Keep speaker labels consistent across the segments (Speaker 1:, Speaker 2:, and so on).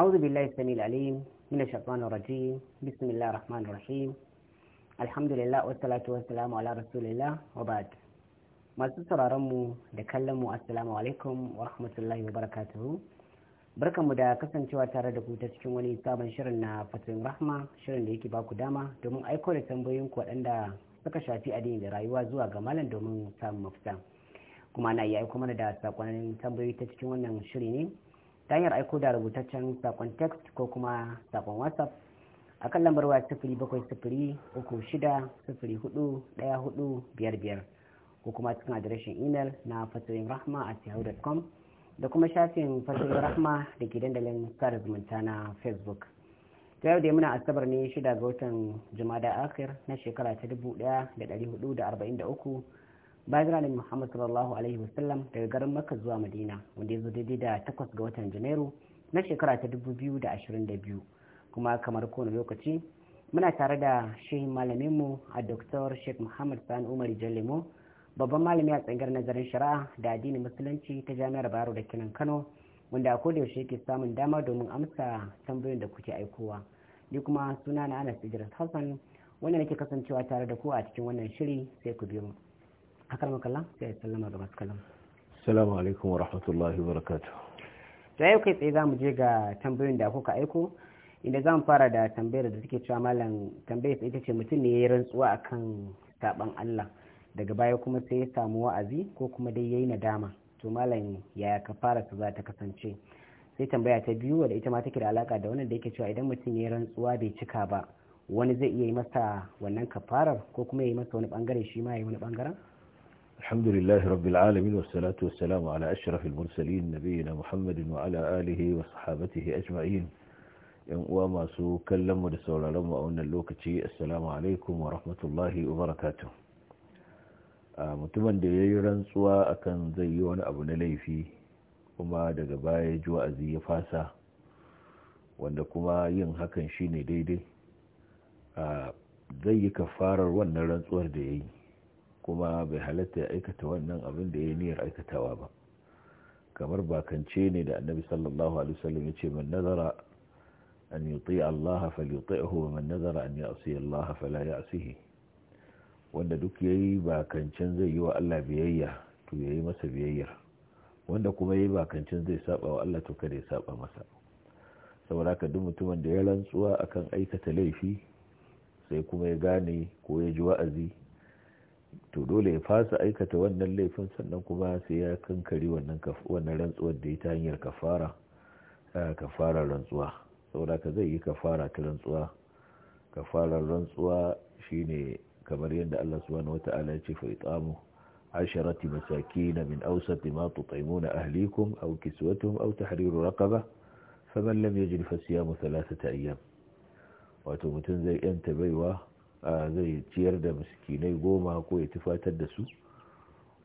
Speaker 1: أعوذ بالله السميع العليم من الشيطان الرجيم بسم الله الرحمن الرحيم الحمد لله والصلاة والسلام على رسول الله وبعد masu sauraronmu da kallonmu assalamu alaikum wa rahmatullahi wa barakatuhu barkanmu da kasancewa tare da ku ta cikin wani sabon shirin na fatoyin rahma shirin da yake baku dama domin aiko da tambayoyin ku waɗanda suka shafi addini da rayuwa zuwa ga malam domin samun mafita kuma na iya aiko mana da sakonnin tambayoyi ta cikin wannan shiri ne ta hanyar aiko da rubutaccen sakon text ko kuma sakon whatsapp a kan lambar waya sifiri bakwai sifiri uku shida sifiri hudu daya hudu biyar biyar ko kuma cikin adireshin email na fatoyin rahma a yahoo.com da kuma shafin fasirin rahma da ke dandalin sada zumunta na facebook ta yau dai muna asabar ne shida ga watan jumada akhir na shekara ta dubu daya da dari hudu da arba'in da uku bayan ranar muhammad sallallahu alaihi wasallam daga garin makka zuwa madina wanda ya zo daidai da takwas ga watan janairu na shekara ta dubu biyu da ashirin da biyu kuma kamar kowane lokaci muna tare da malamin malaminmu a doktor sheikh muhammad sani umar jalimo babban malami a tsangar nazarin shari'a da addinin musulunci ta jami'ar baro da kinan kano wanda a yaushe yake samun dama domin amsa tambayoyin da kuke aikowa ni kuma suna na anas idris hassan wanda nake kasancewa tare da ku a cikin wannan shiri sai ku biyo mu akar makalla sai ya sallama ga masu kallon
Speaker 2: assalamu alaikum wa rahmatullahi wa barakatuh
Speaker 1: to yau kai tsaye zamu je ga tambayoyin da kuka aiko inda zamu fara da tambayar da take cewa malam tambayar ita ce mutum ne ya yi rantsuwa akan saban Allah daga baya kuma sai ya samu wa'azi ko kuma dai yayi nadama to malam yaya fara su za ta kasance sai tambaya ta biyu wadda ita ma take da alaka da wannan da yake cewa idan mutum ya rantsuwa bai cika ba wani zai iya yi masa wannan kafarar ko kuma ya yi masa wani bangare shi ma ya yi wani bangaren
Speaker 2: الحمد لله رب العالمين والصلاة والسلام على أشرف المرسلين نبينا محمد وعلى آله وصحابته أجمعين mu سو كلم ودسول لما أن اللوكتي السلام عليكم ورحمة الله وبركاته mutumin da ya yi rantsuwa akan zai yi wani abu na laifi kuma daga baya ji wa'azi ya fasa wanda kuma yin hakan shine daidai zai yi kafarar wannan rantsuwar da ya yi kuma bai halatta ya aikata wannan abin da ya niyyar aikatawa ba kamar bakance ne da annabi sallallahu alaihi wasallam ya ce man nazara an yuti Allah falyuti'hu wa man nazara an ya'si Allah fala ya'sihi wanda duk yayi bakancin zai yi wa Allah biyayya to yayi masa biyayyar wanda kuma yayi bakancin zai saba wa Allah to kada ya saba masa saboda haka duk mutumin da ya rantsuwa akan aikata laifi sai kuma ya gane ko ya ji wa'azi to dole ya fasa aikata wannan laifin sannan kuma sai ya kankare wannan wannan rantsuwar da ya ta hanyar kafara eh, kafarar rantsuwa saboda ka zai yi kafara ta rantsuwa kafarar rantsuwa shine kamar yadda Allah subhanahu wata'ala ya ce fa itamu asharati na min awsat ma tut'imuna ahlikum aw kiswatuhum aw tahriru raqaba faman lam yajid fasiyamu thalathata ayyam wato mutum zai yanta baiwa zai ciyar da miskinai goma ko ya tufatar da su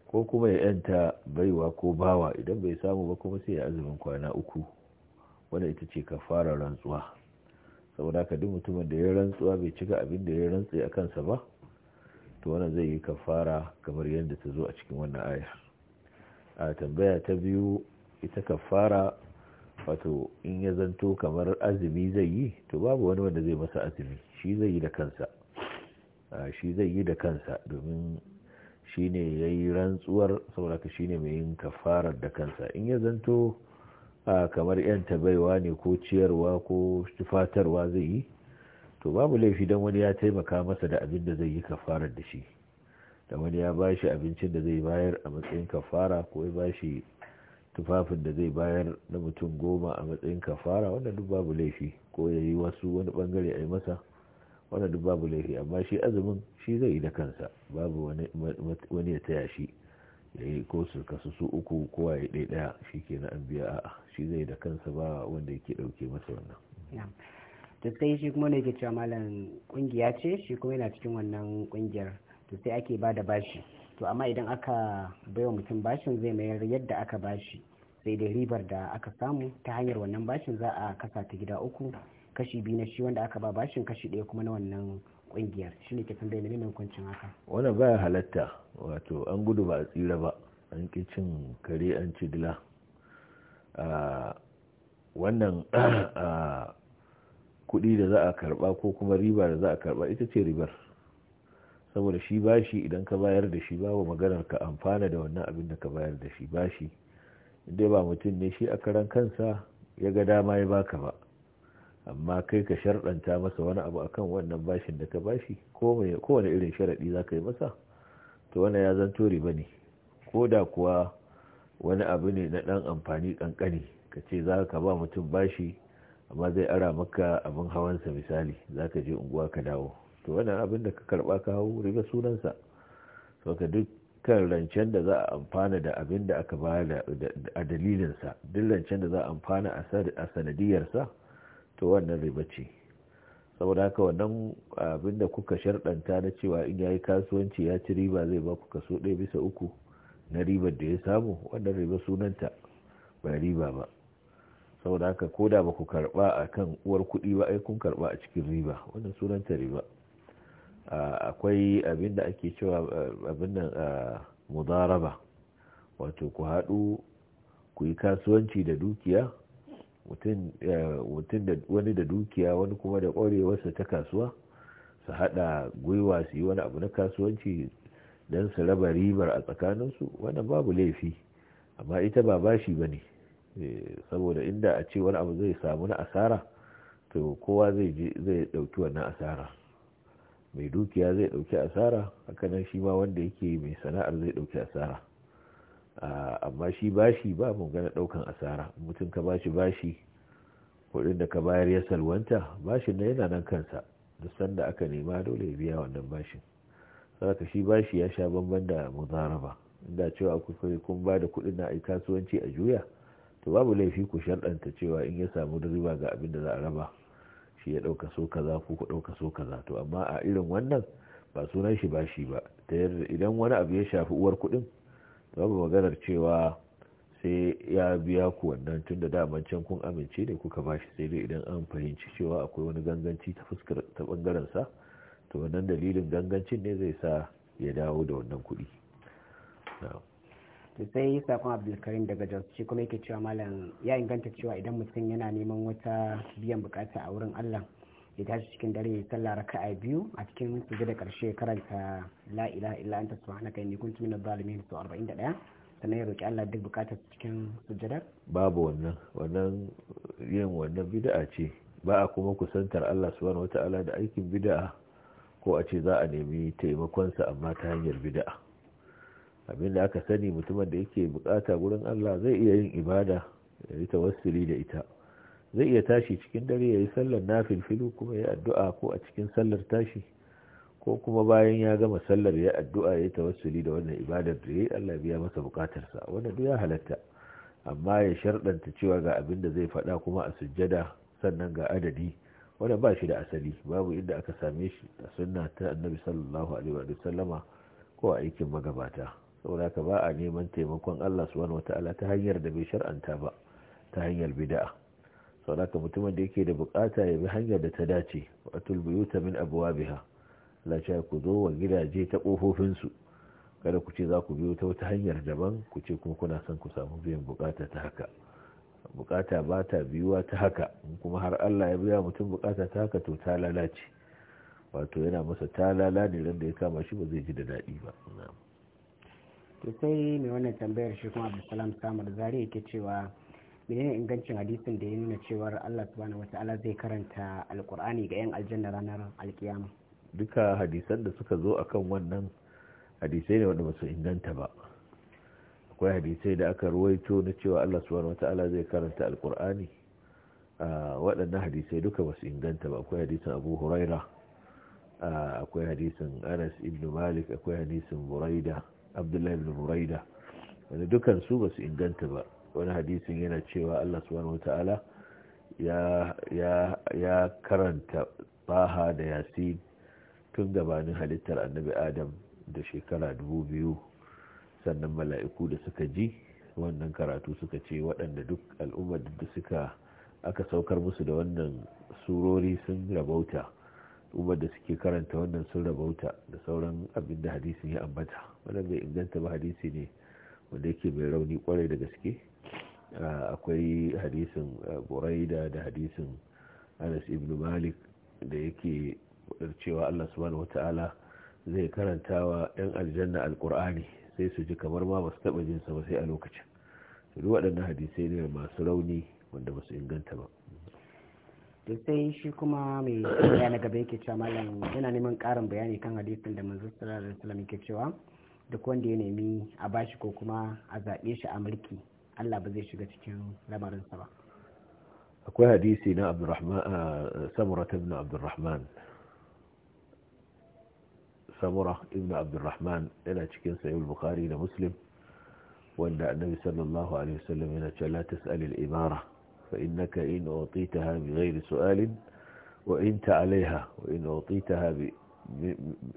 Speaker 2: ko kuma ya yanta baiwa ko bawa idan bai samu ba kuma sai ya azumin kwana uku wanda ita ce ka fara rantsuwa saboda ka duk mutumin da ya rantsuwa bai cika abin da ya rantse a kansa ba to wannan zai yi kafara kamar yadda ta zo a cikin wannan aya a tambaya ta biyu ita kafara wato in ya zanto kamar azumi zai yi to babu wani wanda zai masa azumi shi zai yi da kansa shi zai yi da kansa domin shi ne ya yi rantsuwar saboda ka shi ne mai yin kafarar da kansa in ya zanto a kamar yan tabaiwa ne ko ciyarwa ko tufatarwa zai yi to babu laifi don wani ya taimaka masa da abin da zai yi kafarar da shi da wani ya ba shi abincin da zai bayar a matsayin kafara ko ya ba shi tufafin da zai bayar na mutum goma a matsayin kafara wannan duk babu laifi ko ya yi wasu wani bangare a yi masa wanda duk babu laifi amma shi azumin shi zai yi da kansa babu wani ya taya shi ya yi ko su kasu su uku
Speaker 1: kowa ya ɗaya ɗaya shi ke na an biya a'a shi zai yi da kansa ba wanda yake ɗauke masa wannan to sai shi kuma ne ke cewa malam kungiya ce shi kuma yana cikin wannan kungiyar to sai ake ba da bashi to amma idan aka baiwa mutum bashin zai mayar yadda aka bashi sai dai ribar da aka samu ta hanyar wannan bashin za a kasa ta gida uku kashi biyu na shi wanda aka ba bashin kashi ɗaya kuma na wannan kungiyar shi ne ke tambaye neman kwancin haka
Speaker 2: wannan baya halatta wato an gudu ba a tsira ba an ki cin kare an ci dila wannan kuɗi da za a karba ko kuma riba da za a karba ita ce ribar saboda shi bashi idan ka bayar da shi babu maganar ka amfana da wannan abin da ka bayar da shi bashi inda ba mutum ne shi a karan kansa ya ga dama ya baka ba amma kai ka sharɗanta masa wani abu akan wannan bashin da ka bashi ko wani irin sharaɗi za ka yi masa to wani ya zan tori ba ne ko da kuwa wani abu ne na ɗan amfani ƙanƙani ka ce za ka ba mutum bashi amma zai ara maka abin hawansa misali za ka je unguwa ka dawo to wani abin da ka karɓa ka hau riga sunansa to ka dukkan rancen da za a amfana da abin da aka ba a dalilinsa duk rancen da za a amfana a sanadiyarsa to wannan riba ce saboda haka wannan abin da kuka sharɗanta na cewa in ya yi kasuwanci ya ci riba zai ba ku kaso ɗaya bisa uku na ribar da ya samu wannan riba sunanta ba riba ba saboda haka ko da ba ku karɓa a kan uwar kuɗi ba ai kun karɓa a cikin riba wannan sunanta riba akwai abin da ake cewa abin nan mudaraba wato ku haɗu ku yi kasuwanci da dukiya mutum eh, wani da dukiya wani kuma da kwarewarsa ta kasuwa su hada gwiwa su yi wani abu na kasuwanci don su raba ribar a tsakaninsu wannan babu laifi amma ita ba bashi ba ne eh, saboda inda a ce wani abu zai samu na asara to kowa zai ɗauki wannan asara mai dukiya zai ɗauki asara hakanan shi ma wanda yake mai sana'ar zai ɗauki asara Ah, amma shi bashi ba mu gana daukan asara mutum ka bashi bashi kudin da ka bayar ya salwanta bashin na yana nan kansa duk sanda aka nema dole ya biya wannan bashin saboda shi bashi ya sha bamban da muzaraba inda cewa kuka kun ba da kudin na kasuwanci a juya to babu laifi ku sharɗanta cewa in ya samu riba ga abin da za a raba shi ya ɗauka so kaza ko ku ɗauka so kaza to amma a irin wannan ba sunan shi bashi ba ta yadda idan wani abu ya shafi uwar kuɗin babu maganar cewa sai ya biya ku wannan tun da daman can kun amince ne kuka bashi sai dai idan an fahimci cewa akwai wani ganganci ta fuskar ta bangaren sa to wannan dalilin gangancin ne zai sa ya dawo da wannan kuɗi
Speaker 1: to sai yi sakon abdulkarim daga jos shi kuma yake cewa malam ya inganta cewa idan mutum yana neman wata biyan bukata a wurin allah ya tashi cikin dare ya sallah raka'a biyu a cikin sujada karshe karanta la ilaha illa anta subhanaka inni kuntu minadh zalimin sau 41 sannan ya roki Allah duk bukatar cikin sujada
Speaker 2: babu wannan wannan yin wannan bid'a ce ba a kuma kusantar Allah subhanahu wata'ala da aikin bid'a ko a ce za a nemi taimakonsa amma ta hanyar bid'a abin da aka sani mutumin da yake bukata gurin Allah zai iya yin ibada ya yi tawassuli da ita zai iya tashi cikin dare ya yi sallar filfilu kuma ya addu'a ko a cikin sallar tashi ko kuma bayan ya gama sallar ya addu'a ya tawassuli da wannan ibadar da ya yi Allah biya masa bukatarsa wannan duk ya halatta amma ya sharɗanta cewa ga abin da zai faɗa kuma a sujjada sannan ga adadi wanda ba shi da asali babu inda aka same shi a sunna ta annabi sallallahu alaihi wa sallama ko a aikin magabata saboda ka ba a neman taimakon Allah subhanahu wataala ta hanyar da bai shar'anta ba ta hanyar bid'a sauraka mutumin da yake da bukata ya bi hanyar da ta dace watul buyuta min abwabiha la sha ku zo wa gidaje ta kofofin su kada ku ce za ku biyo ta wata hanyar daban ku ce kuma kuna son ku samu biyan bukata ta haka bukata ba ta biyuwa ta haka kuma har Allah ya biya mutum bukata ta haka to ta lalace wato yana masa ta lalace ran da ya kama shi ba zai ji da daɗi ba
Speaker 1: to sai mai wannan tambayar shi kuma Salam Samar Zari yake cewa menene ingancin hadisin da ya nuna cewa Allah subhanahu wata'ala zai karanta alkur'ani ga yan aljanna ranar alkiyama
Speaker 2: duka hadisan da suka zo akan wannan hadisai ne wanda ba su inganta ba akwai hadisai da aka ruwaito na cewa Allah subhanahu wata'ala zai karanta alkur'ani waɗannan hadisai duka ba su inganta ba akwai hadisin abu huraira akwai hadisin anas ibn malik akwai hadisin buraida abdullahi ibn buraida wanda dukan su ba su inganta ba wani hadisin yana cewa Allah subhanahu wata'ala ya ya karanta baha da yasin tun gabanin halittar annabi adam da shekara dubu biyu sannan mala'iku da suka ji wannan karatu suka ce waɗanda duk al'ummar da suka aka saukar musu da wannan surori sun rabauta umar da suke karanta wannan sun rabauta da sauran abin da hadisin ya ambata wannan bai inganta ba hadisi ne wanda yake mai rauni kwarai da gaske akwai hadisin buraida da hadisin anas ibn malik da yake cewa allah su subhanahu wata'ala zai karanta wa 'yan aljanna alkur'ani sai su ji kamar ma basu taɓa jinsa ba sai a lokacin duk waɗannan hadisai ne masu rauni wanda ba su inganta ba
Speaker 1: to sai shi kuma mai ya na gaba yake cewa malam yana neman ƙarin bayani kan hadisin da manzo sallallahu alaihi wasallam yake cewa duk wanda ya nemi a bashi ko kuma a zaɓe shi a mulki Allah ba zai shiga cikin lamarinsa ba
Speaker 2: akwai hadisi na abdurrahman samura ibn abdurrahman samura ibn abdurrahman yana cikin sayi bukhari da muslim wanda annabi sallallahu alaihi wasallam yana cewa la tas'alil imara fa innaka in utitaha bi ghairi su'alin wa anta alaiha wa in utitaha bi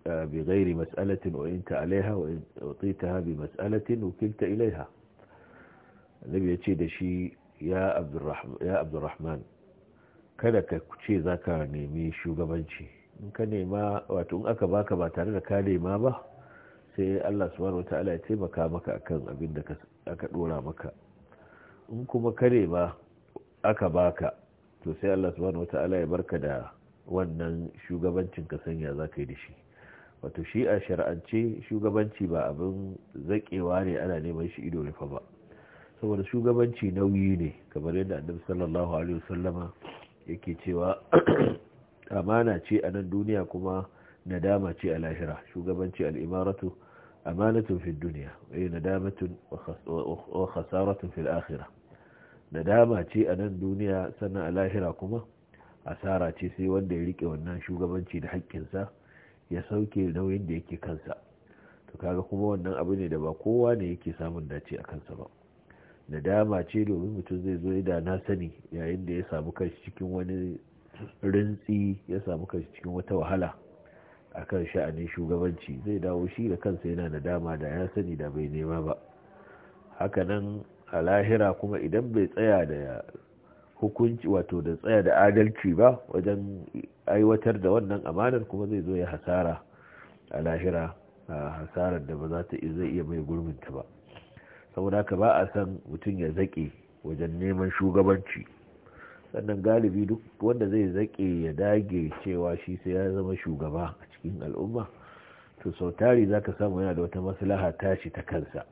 Speaker 2: بغير مسألة وإنت عليها وطيتها بمسألة وكلت إليها النبي يتشيد شيء يا عبد الرحمن يا عبد الرحمن kada ka ce za ka nemi shugabanci in ka nema wato in aka baka ba tare da ka nema ba sai Allah subhanahu wataala ya taimaka maka akan abin da aka dora maka in kuma ka nema aka baka to sai Allah subhanahu wataala ya barka da wannan shugabancin ka sanya za ka yi da shi wato shi a shar'ance shugabanci ba abin zaƙewa ne ana neman shi ido rufe ba saboda shugabanci nauyi ne kamar yadda annabi sallallahu alaihi wasallama yake cewa amana ce a nan duniya kuma nadama ce a lahira shugabanci al'imaratu amanatun fi duniya eh nadamatun wa khasaratun fil akhirah nadama ce a nan duniya sannan a lahira kuma asara ce sai wanda ya rike wannan shugabanci da haƙƙinsa ya sauke nauyin da yake kansa to kaga kuma wannan abu ne da ba kowa ne yake samun dace a kansa ba nadama ce domin mutum zai zo da na sani yayin da ya samu kanshi cikin wani rintsi ya samu kanshi cikin wata wahala a kan sha'anin shugabanci zai dawo shi da kansa yana nadama da ya sani da bai nema ba hakanan a lahira kuma idan bai tsaya da hukunci wato da tsaya da adalci ba wajen aiwatar da wannan amanar kuma zai zo ya hasara a lahira hasarar da ba za ta zai iya mai gurminta ba saboda haka ba a san mutum ya zaƙe wajen neman shugabanci sannan galibi duk wanda zai zaƙe ya dage cewa shi sai ya zama shugaba a cikin al'umma to sau tari za ka samu yana da wata maslaha tashi ta kansa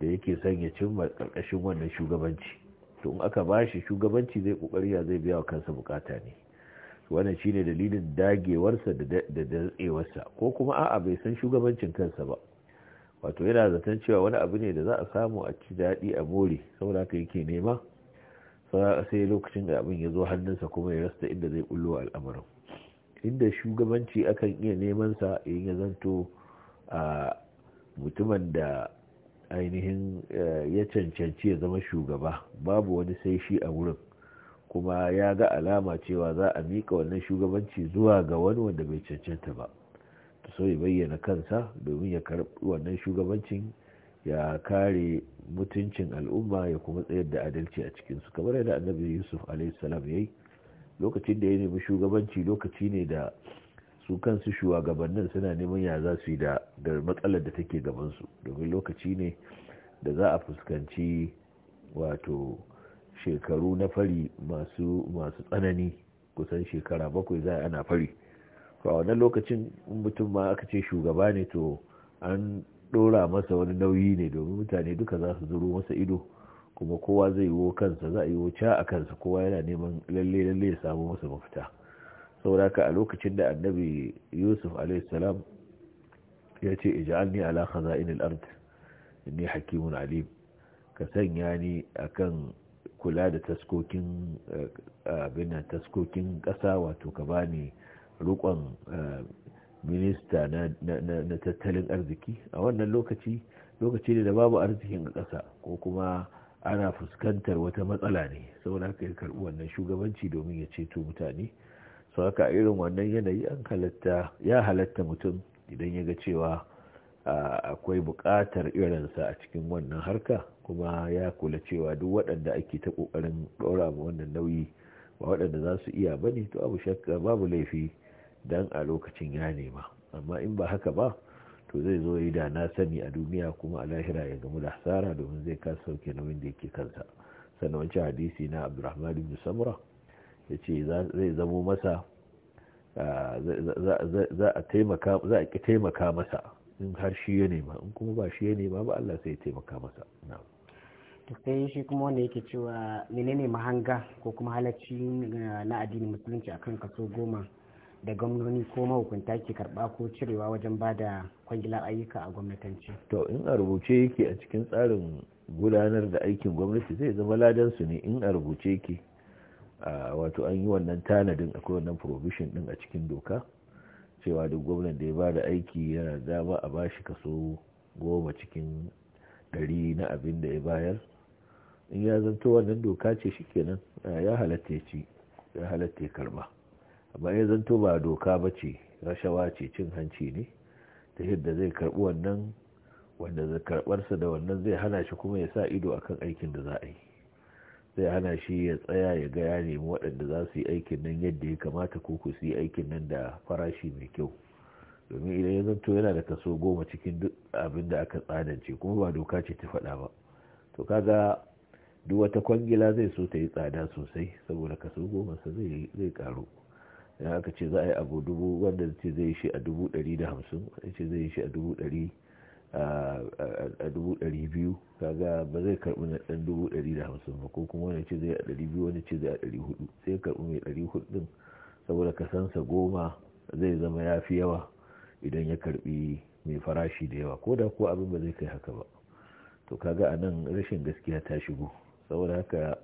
Speaker 2: da yake son ya cimma ƙarƙashin wannan shugabanci to in aka shi shugabanci zai kokari ya zai biya wa kansa bukata ne wannan shine dalilin dagewarsa da datsewarsa ko kuma a'a bai san shugabancin kansa ba wato yana zaton cewa wani abu ne da za a samu a ci daɗi a more saboda haka yake nema sai lokacin da abin ya zo hannunsa kuma ya rasta inda zai bullo al'amarin inda shugabanci akan iya neman sa in ya zanto a mutumin da ainihin eh, ya cancanci ya zama shugaba babu wani sai shi a wurin kuma ya ga alama cewa za a miƙa wannan shugabanci zuwa ga wani wanda bai cancanta ba ta so ya bayyana kansa domin ya karɓi wannan shugabancin ya kare mutuncin al'umma ya kuma tsayar da adalci a cikinsu kamar yadda annabi yusuf a.s. ya yi lokacin da ya nemi shugabanci lokaci ne da su kansu shugabannin suna neman ya za su yi da matsalar da take gabansu domin lokaci ne da za a fuskanci wato shekaru na fari masu tsanani kusan shekara bakwai za a ana fari a wannan lokacin mutum ma aka ce shugaba ne to an dora masa wani nauyi ne domin mutane duka za su zuru masa ido kuma kowa zai wo kansa za a yiwo ca a kansa kowa yana neman lalle lalle ya samu masa mafita sauraka a lokacin da annabi yusuf alaihissalam ya ce ija'alni ala khaza'inil ard inni hakimun alim ka sanya ni akan kula da taskokin eh, abin taskokin kasa wato ka bani rukon eh, minista na tattalin arziki a wannan lokaci lokaci ne da babu arzikin a ƙasa ko kuma ana fuskantar wata matsala ne saboda haka ya karbi wannan shugabanci domin ya ceto mutane saka haka irin wannan yanayi an halatta ya halatta mutum idan ya ga cewa akwai buƙatar irinsa a cikin wannan harka kuma ya kula cewa duk waɗanda ake ta ƙoƙarin ɗora wannan nauyi ba waɗanda za su iya ba ne to abu shakka babu laifi dan a lokacin ya nema amma in ba haka ba to zai zo yi da na sani a duniya kuma a lahira ya gamu da hasara domin zai kasa sauke nauyin da yake kansa sannan wancan hadisi na abdulrahman ibn samura. ya ce zai zamo masa za a ƙi taimaka masa in har shi ya nema in kuma ba shi ya nema ba Allah sai ya taimaka masa
Speaker 1: to sai shi kuma wanda yake cewa ne mahanga ko kuma halacci eh, na addinin musulunci akan kaso goma da gwamnoni ko mahukunta ke karba ko cirewa wajen ba da kwangilar ayyuka a gwamnatanci
Speaker 2: to in a rubuce yake a cikin tsarin gudanar da aikin gwamnati zai zama ladan su ne in a rubuce yake wato an yi wannan tanadin akwai wannan provision din a cikin doka cewa duk gwamnan da ya ba da aiki yana dama a ba shi kaso goma cikin ɗari na abin da ya bayar in ya zanto wannan doka ce shikenan ya halatta ya ci ya halatta karma. karba amma ya zanto ba doka ba ce rashawa ce cin hanci ne ta yadda zai karbi wannan wanda karbarsa da wannan zai hana shi kuma ya sa ido akan aikin da za a yi sai hana shi ya tsaya ya ga ya nemi waɗanda za su yi aikin nan yadda ya kamata ko ku yi aikin nan da farashi mai kyau domin idan ya zanto yana da kaso goma cikin duk abin da aka tsadance kuma ba doka ce ta faɗa ba to kaga duk wata kwangila zai so ta yi tsada sosai saboda kaso goma sa zai karu idan aka ce za a yi abu dubu wanda ce zai shi a dubu ɗari da hamsin wanda zai shi a dubu ɗari a dubu ɗari biyu kaga ba zai karɓi na ɗan dubu ɗari da hamsin ba ko kuma wani ce zai a ɗari biyu wani ce zai a ɗari hudu sai karɓi mai ɗari hudu ɗin saboda kasansa goma zai zama ya fi yawa idan ya karɓi mai farashi da yawa ko da ko abin ba zai kai haka ba to kaga a nan rashin gaskiya ta shigo saboda haka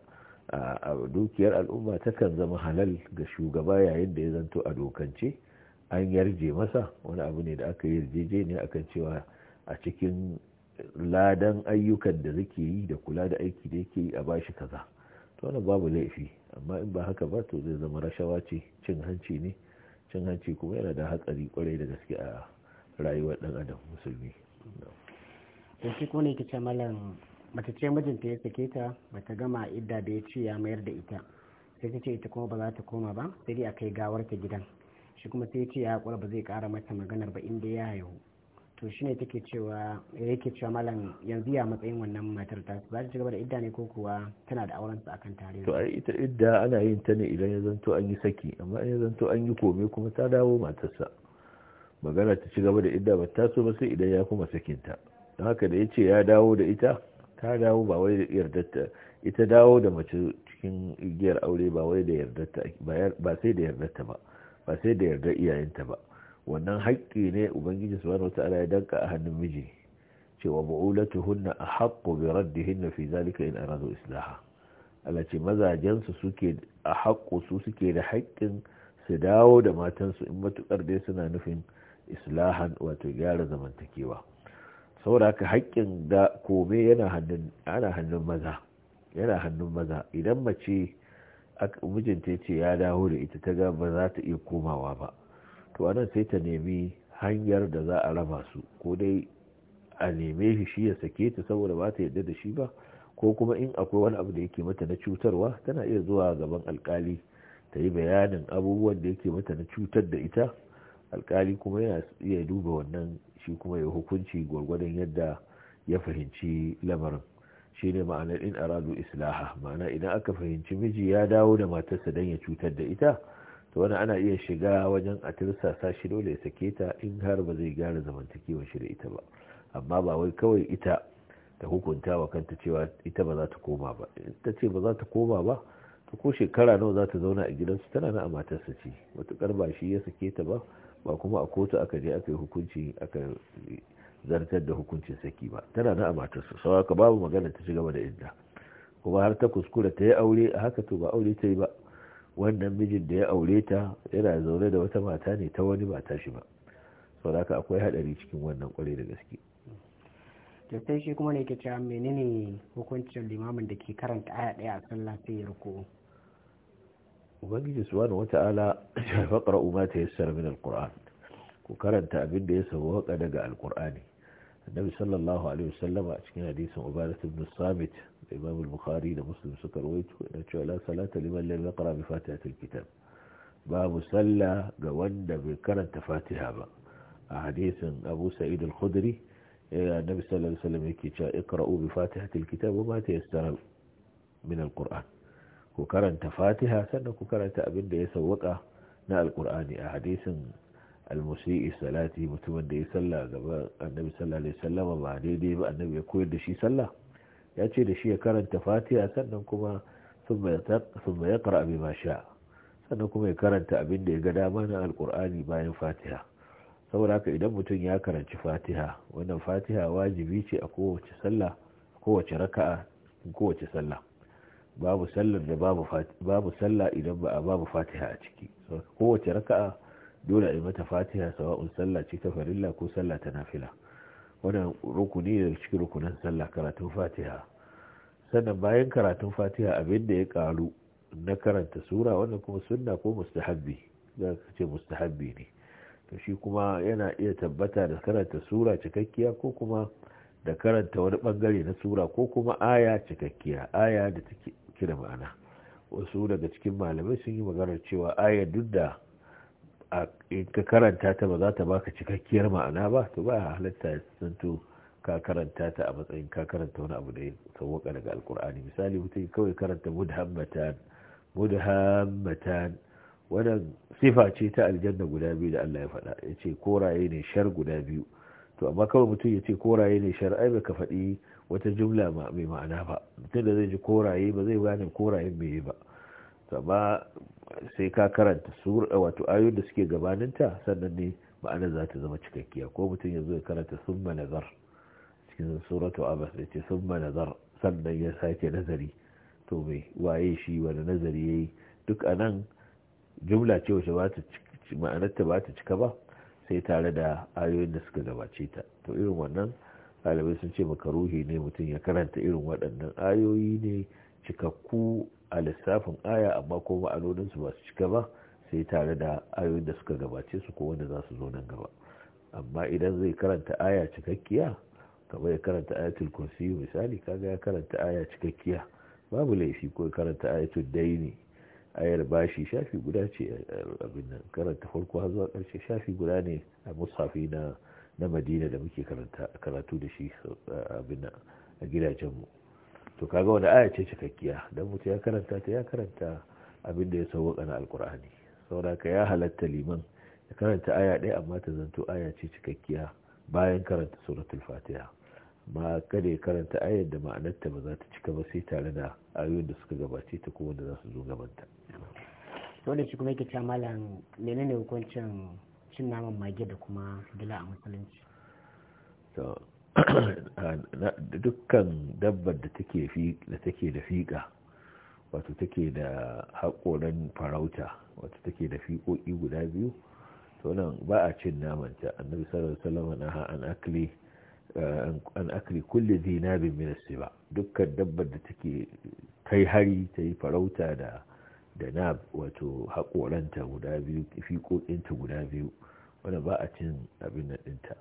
Speaker 2: a dukiyar al'umma takan zama halal ga shugaba yayin da ya zanto a dokance an yarje masa wani abu ne da aka yi yarjejeniya akan cewa a cikin ladan ayyukan da zake yi da kula da aiki da yake yi a bashi kaza to wannan babu laifi amma in ba haka ba to zai zama rashawa ce cin hanci ne cin hanci kuma yana da hatsari kwarai da gaske a rayuwar dan
Speaker 1: adam musulmi to shi kuma ne kace malam ce mijinta ya sake ta bata gama idda da ya ce ya mayar da ita sai ta ce ita kuma ba za ta koma ba sai dai a kai gawar ta gidan shi kuma sai ya ce ya ba zai kara mata maganar ba inda ya haihu to ne take cewa eh, yake cewa malam yanzu ya matsayin wannan matar ta ba ta cigaba da idda ne ko kuwa tana da auren a akan tare to ai
Speaker 2: ita idda ana yin ta ne idan ya zanto an yi saki amma in ya zanto an yi kome kuma ta dawo matarsa magana ta cigaba da idda ba ta so ba sai idan ya kuma sakinta don haka da ya ce ya dawo da ita ta dawo ba wai da yardarta ita dawo da mace cikin igiyar aure ba wai da yardarta ba sai da yardarta ba ba sai da yardar iyayenta ba wannan haƙƙi ne ubangiji subhanahu wataala ya danka a hannun miji cewa a ahaqqu bi raddihinna fi zalika in aradu islaha Allah ce mazajen su suke haƙƙo su suke da haƙƙin su dawo da matansu in matukar dai suna nufin islahan wato gyara zamantakewa saboda haka haƙƙin da kome yana hannun ana hannun maza yana hannun maza idan mace mijinta ya ce ya dawo da ita ta ga ba za ta iya komawa ba to anan sai ta nemi hanyar da za a raba su ko dai a neme shi shi ya sake ta saboda ba ta yadda da shi ba ko kuma in akwai wani abu da yake mata na cutarwa tana iya zuwa gaban alkali ta yi bayanin abubuwan da yake mata na cutar da ita alkali kuma yana iya duba wannan shi kuma ya hukunci gwargwadon yadda ya fahimci lamarin shi ne ma'anar in aradu islaha ma'ana idan aka fahimci miji ya dawo da matarsa don ya cutar da ita to wani ana iya shiga wajen a tirsasa shi dole ya sake ta in har ba zai gyara zamantakewar shi da ita ba amma ba wai kawai ita ta hukunta wa kanta cewa ita ba za ta koma ba ta ce ba za ta koma ba ta ko shekara nawa za ta zauna a gidansu tana na a matarsa ce matukar ba shi ya sake ta ba ba kuma a kotu aka je aka yi hukunci aka zartar da hukuncin saki ba tana na a matarsa sau babu magana ta ci gaba da idda kuma har ta kuskura ta yi aure a haka to ba aure ta yi ba wannan mijin da ya aure ta yana zaune da wata mata ne ta wani mata shi ba sau haka akwai hadari cikin wannan
Speaker 1: kwarai da gaske da shi kuma ne ke cewa menene hukuncin limamin da ke karanta aya daya a sallah sai ya ruku
Speaker 2: ubangiji subhanahu wata'ala ya faqra umata ta min alquran ku karanta abin da ya sawwaka daga alqur'ani annabi sallallahu alaihi wasallama a cikin hadisin ubadah ibn samit imam al-bukhari da muslim suka rawaito da cewa la salata liman lam yaqra bi fatihatil kitab babu sallah ga wanda bai karanta fatiha ba a hadisin abu sa'id al-khudri annabi sallallahu alaihi wasallam yake cewa iqra'u bi fatihatil kitab wa ma tayassara min al-qur'an ku karanta fatiha sannan ku karanta abin da ya sawwaka na al-qur'ani a hadisin al-musi'i salati mutumin da ya salla gaba annabi sallallahu alaihi wasallam ba daidai ba annabi ya koyar da shi sallah ya ce da shi ya karanta fatiha sannan kuma sun mai yakar abin ma sha sannan kuma ya karanta abin da ya ga dama na alkur'ani bayan fatiha saboda haka idan mutum ya karanci fatiha wannan fatiha wajibi ce a kowace sallah kowace raka'a kowace sallah babu sallah idan ba a babu fatiha a ciki kowace raka'a dole a yi mata fatiha sawa'un sallah ce ta farilla ko sallah ta nafila wannan rukuni da cikin rukunin sallah karatun fatiha sannan bayan karatun fatiha abin da ya karu na karanta sura wannan kuma sunna ko mustahabbi za ka ce mustahabbi ne to shi kuma yana iya tabbata da karanta sura cikakkiya ko kuma da karanta wani bangare na sura ko kuma aya cikakkiya aya da take kira ma'ana wasu daga cikin malamai sun yi maganar cewa aya duk da in ka karanta ta ba za ta baka cikakkiyar ma'ana ba to ba halatta santo ka karanta ta a matsayin ka karanta wani abu da ya sauwaka daga alkur'ani misali mutum kawai karanta mudhammatan mudhammatan wannan sifa ce ta aljanna guda biyu da Allah ya faɗa ya ce koraye ne shar guda biyu to amma kawai mutum ya ce koraye ne shar ai baka faɗi wata jumla mai ma'ana ba mutum da zai ji koraye ba zai gane korayen me ba to amma sai ka karanta sura wato ayoyin da suke gabaninta sannan ne ma'anar za ta zama cikakkiya ko mutum ya zo ya karanta summa nazar cikin suratu abbas ya ce summa nazar sannan ya sake nazari to mai waye shi wani nazari ya yi duk a nan jumla ce wace ma'anarta ba ta cika ba sai tare da ayoyin da suka gabace ta to irin wannan ɗalibai sun ce makaruhi ne mutum ya karanta irin waɗannan ayoyi ne cikakku a lissafin aya amma ko ma'anoninsu ba su cika ba sai tare da ayoyin da suka gabace su ko wanda za su zo nan gaba amma idan zai karanta aya cikakkiya kamar ya karanta ayatul kursi misali kaga ya karanta aya cikakkiya babu laifi ko karanta ayatul daini ayar bashi shafi guda ce abin nan karanta farko har zuwa karshe shafi guda ne a mushafi na madina da muke karatu da shi abin nan a gidajenmu to kaga wani aya ce cikakkiya dan mutum ya karanta ta ya karanta abin da ya sauwa na alkur'ani saboda ka ya halatta liman ya karanta aya ɗaya amma ta zanto aya ce cikakkiya bayan karanta suratul fatiha ma kada ya karanta ayar da ma'anarta ba za ta cika ba sai tare da ayoyin da suka gabace ta kuma da za su zo gabanta
Speaker 1: wanda shi kuma yake cewa malam menene hukuncin cin naman mage da kuma gila a musulunci
Speaker 2: Ah, dukkan dabbar da take da da fiƙa wato take da haƙoran farauta wato take da fiƙoƙi guda biyu to nan ba a cin namanta annabi sallallahu alaihi na an akli eh, an akli kulli zinabin min siba dukkan dabbar da take kai hari ta yi farauta da da nab wato haƙoranta guda biyu fiƙoƙinta guda biyu wanda ba a cin abin nan ɗinta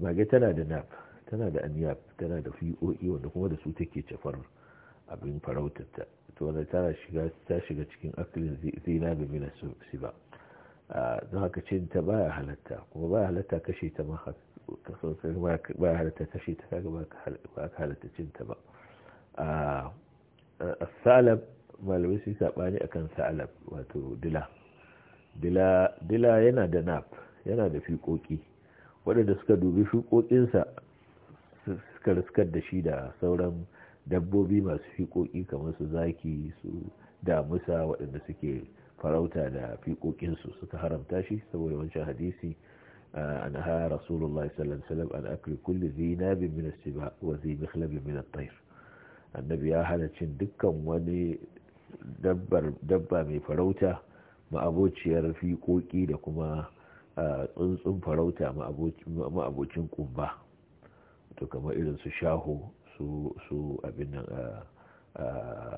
Speaker 2: mage tana da nap tana da anyap tana da fiƙoƙi wanda kuma da su take cefar abin farautarta to tana shiga ta shiga cikin akilin zina da mina su ba don haka ce ta baya halatta kuma baya halatta kashe ta ma baya halatta kashe ta kaga ba ka halatta cin ta ba a salab malamai su saɓani a kan salab wato dila dila yana da nap yana da fiƙoƙi waɗanda suka dubi shukokinsa suka riskar da shi da sauran dabbobi masu fiƙoƙi kamar su zaki su damusa waɗanda suke farauta da fiƙoƙinsu suka haramta shi saboda wancan hadisi eh, an ha rasulullah sallallahu an akli kulli zinabin min as ba wa zi min at-tayr annabi ya hana cin dukkan wani dabba mai farauta ma'abociyar fiƙoƙi da kuma tsuntsun farauta ma abokin kumba to kamar irin su shaho su abin nan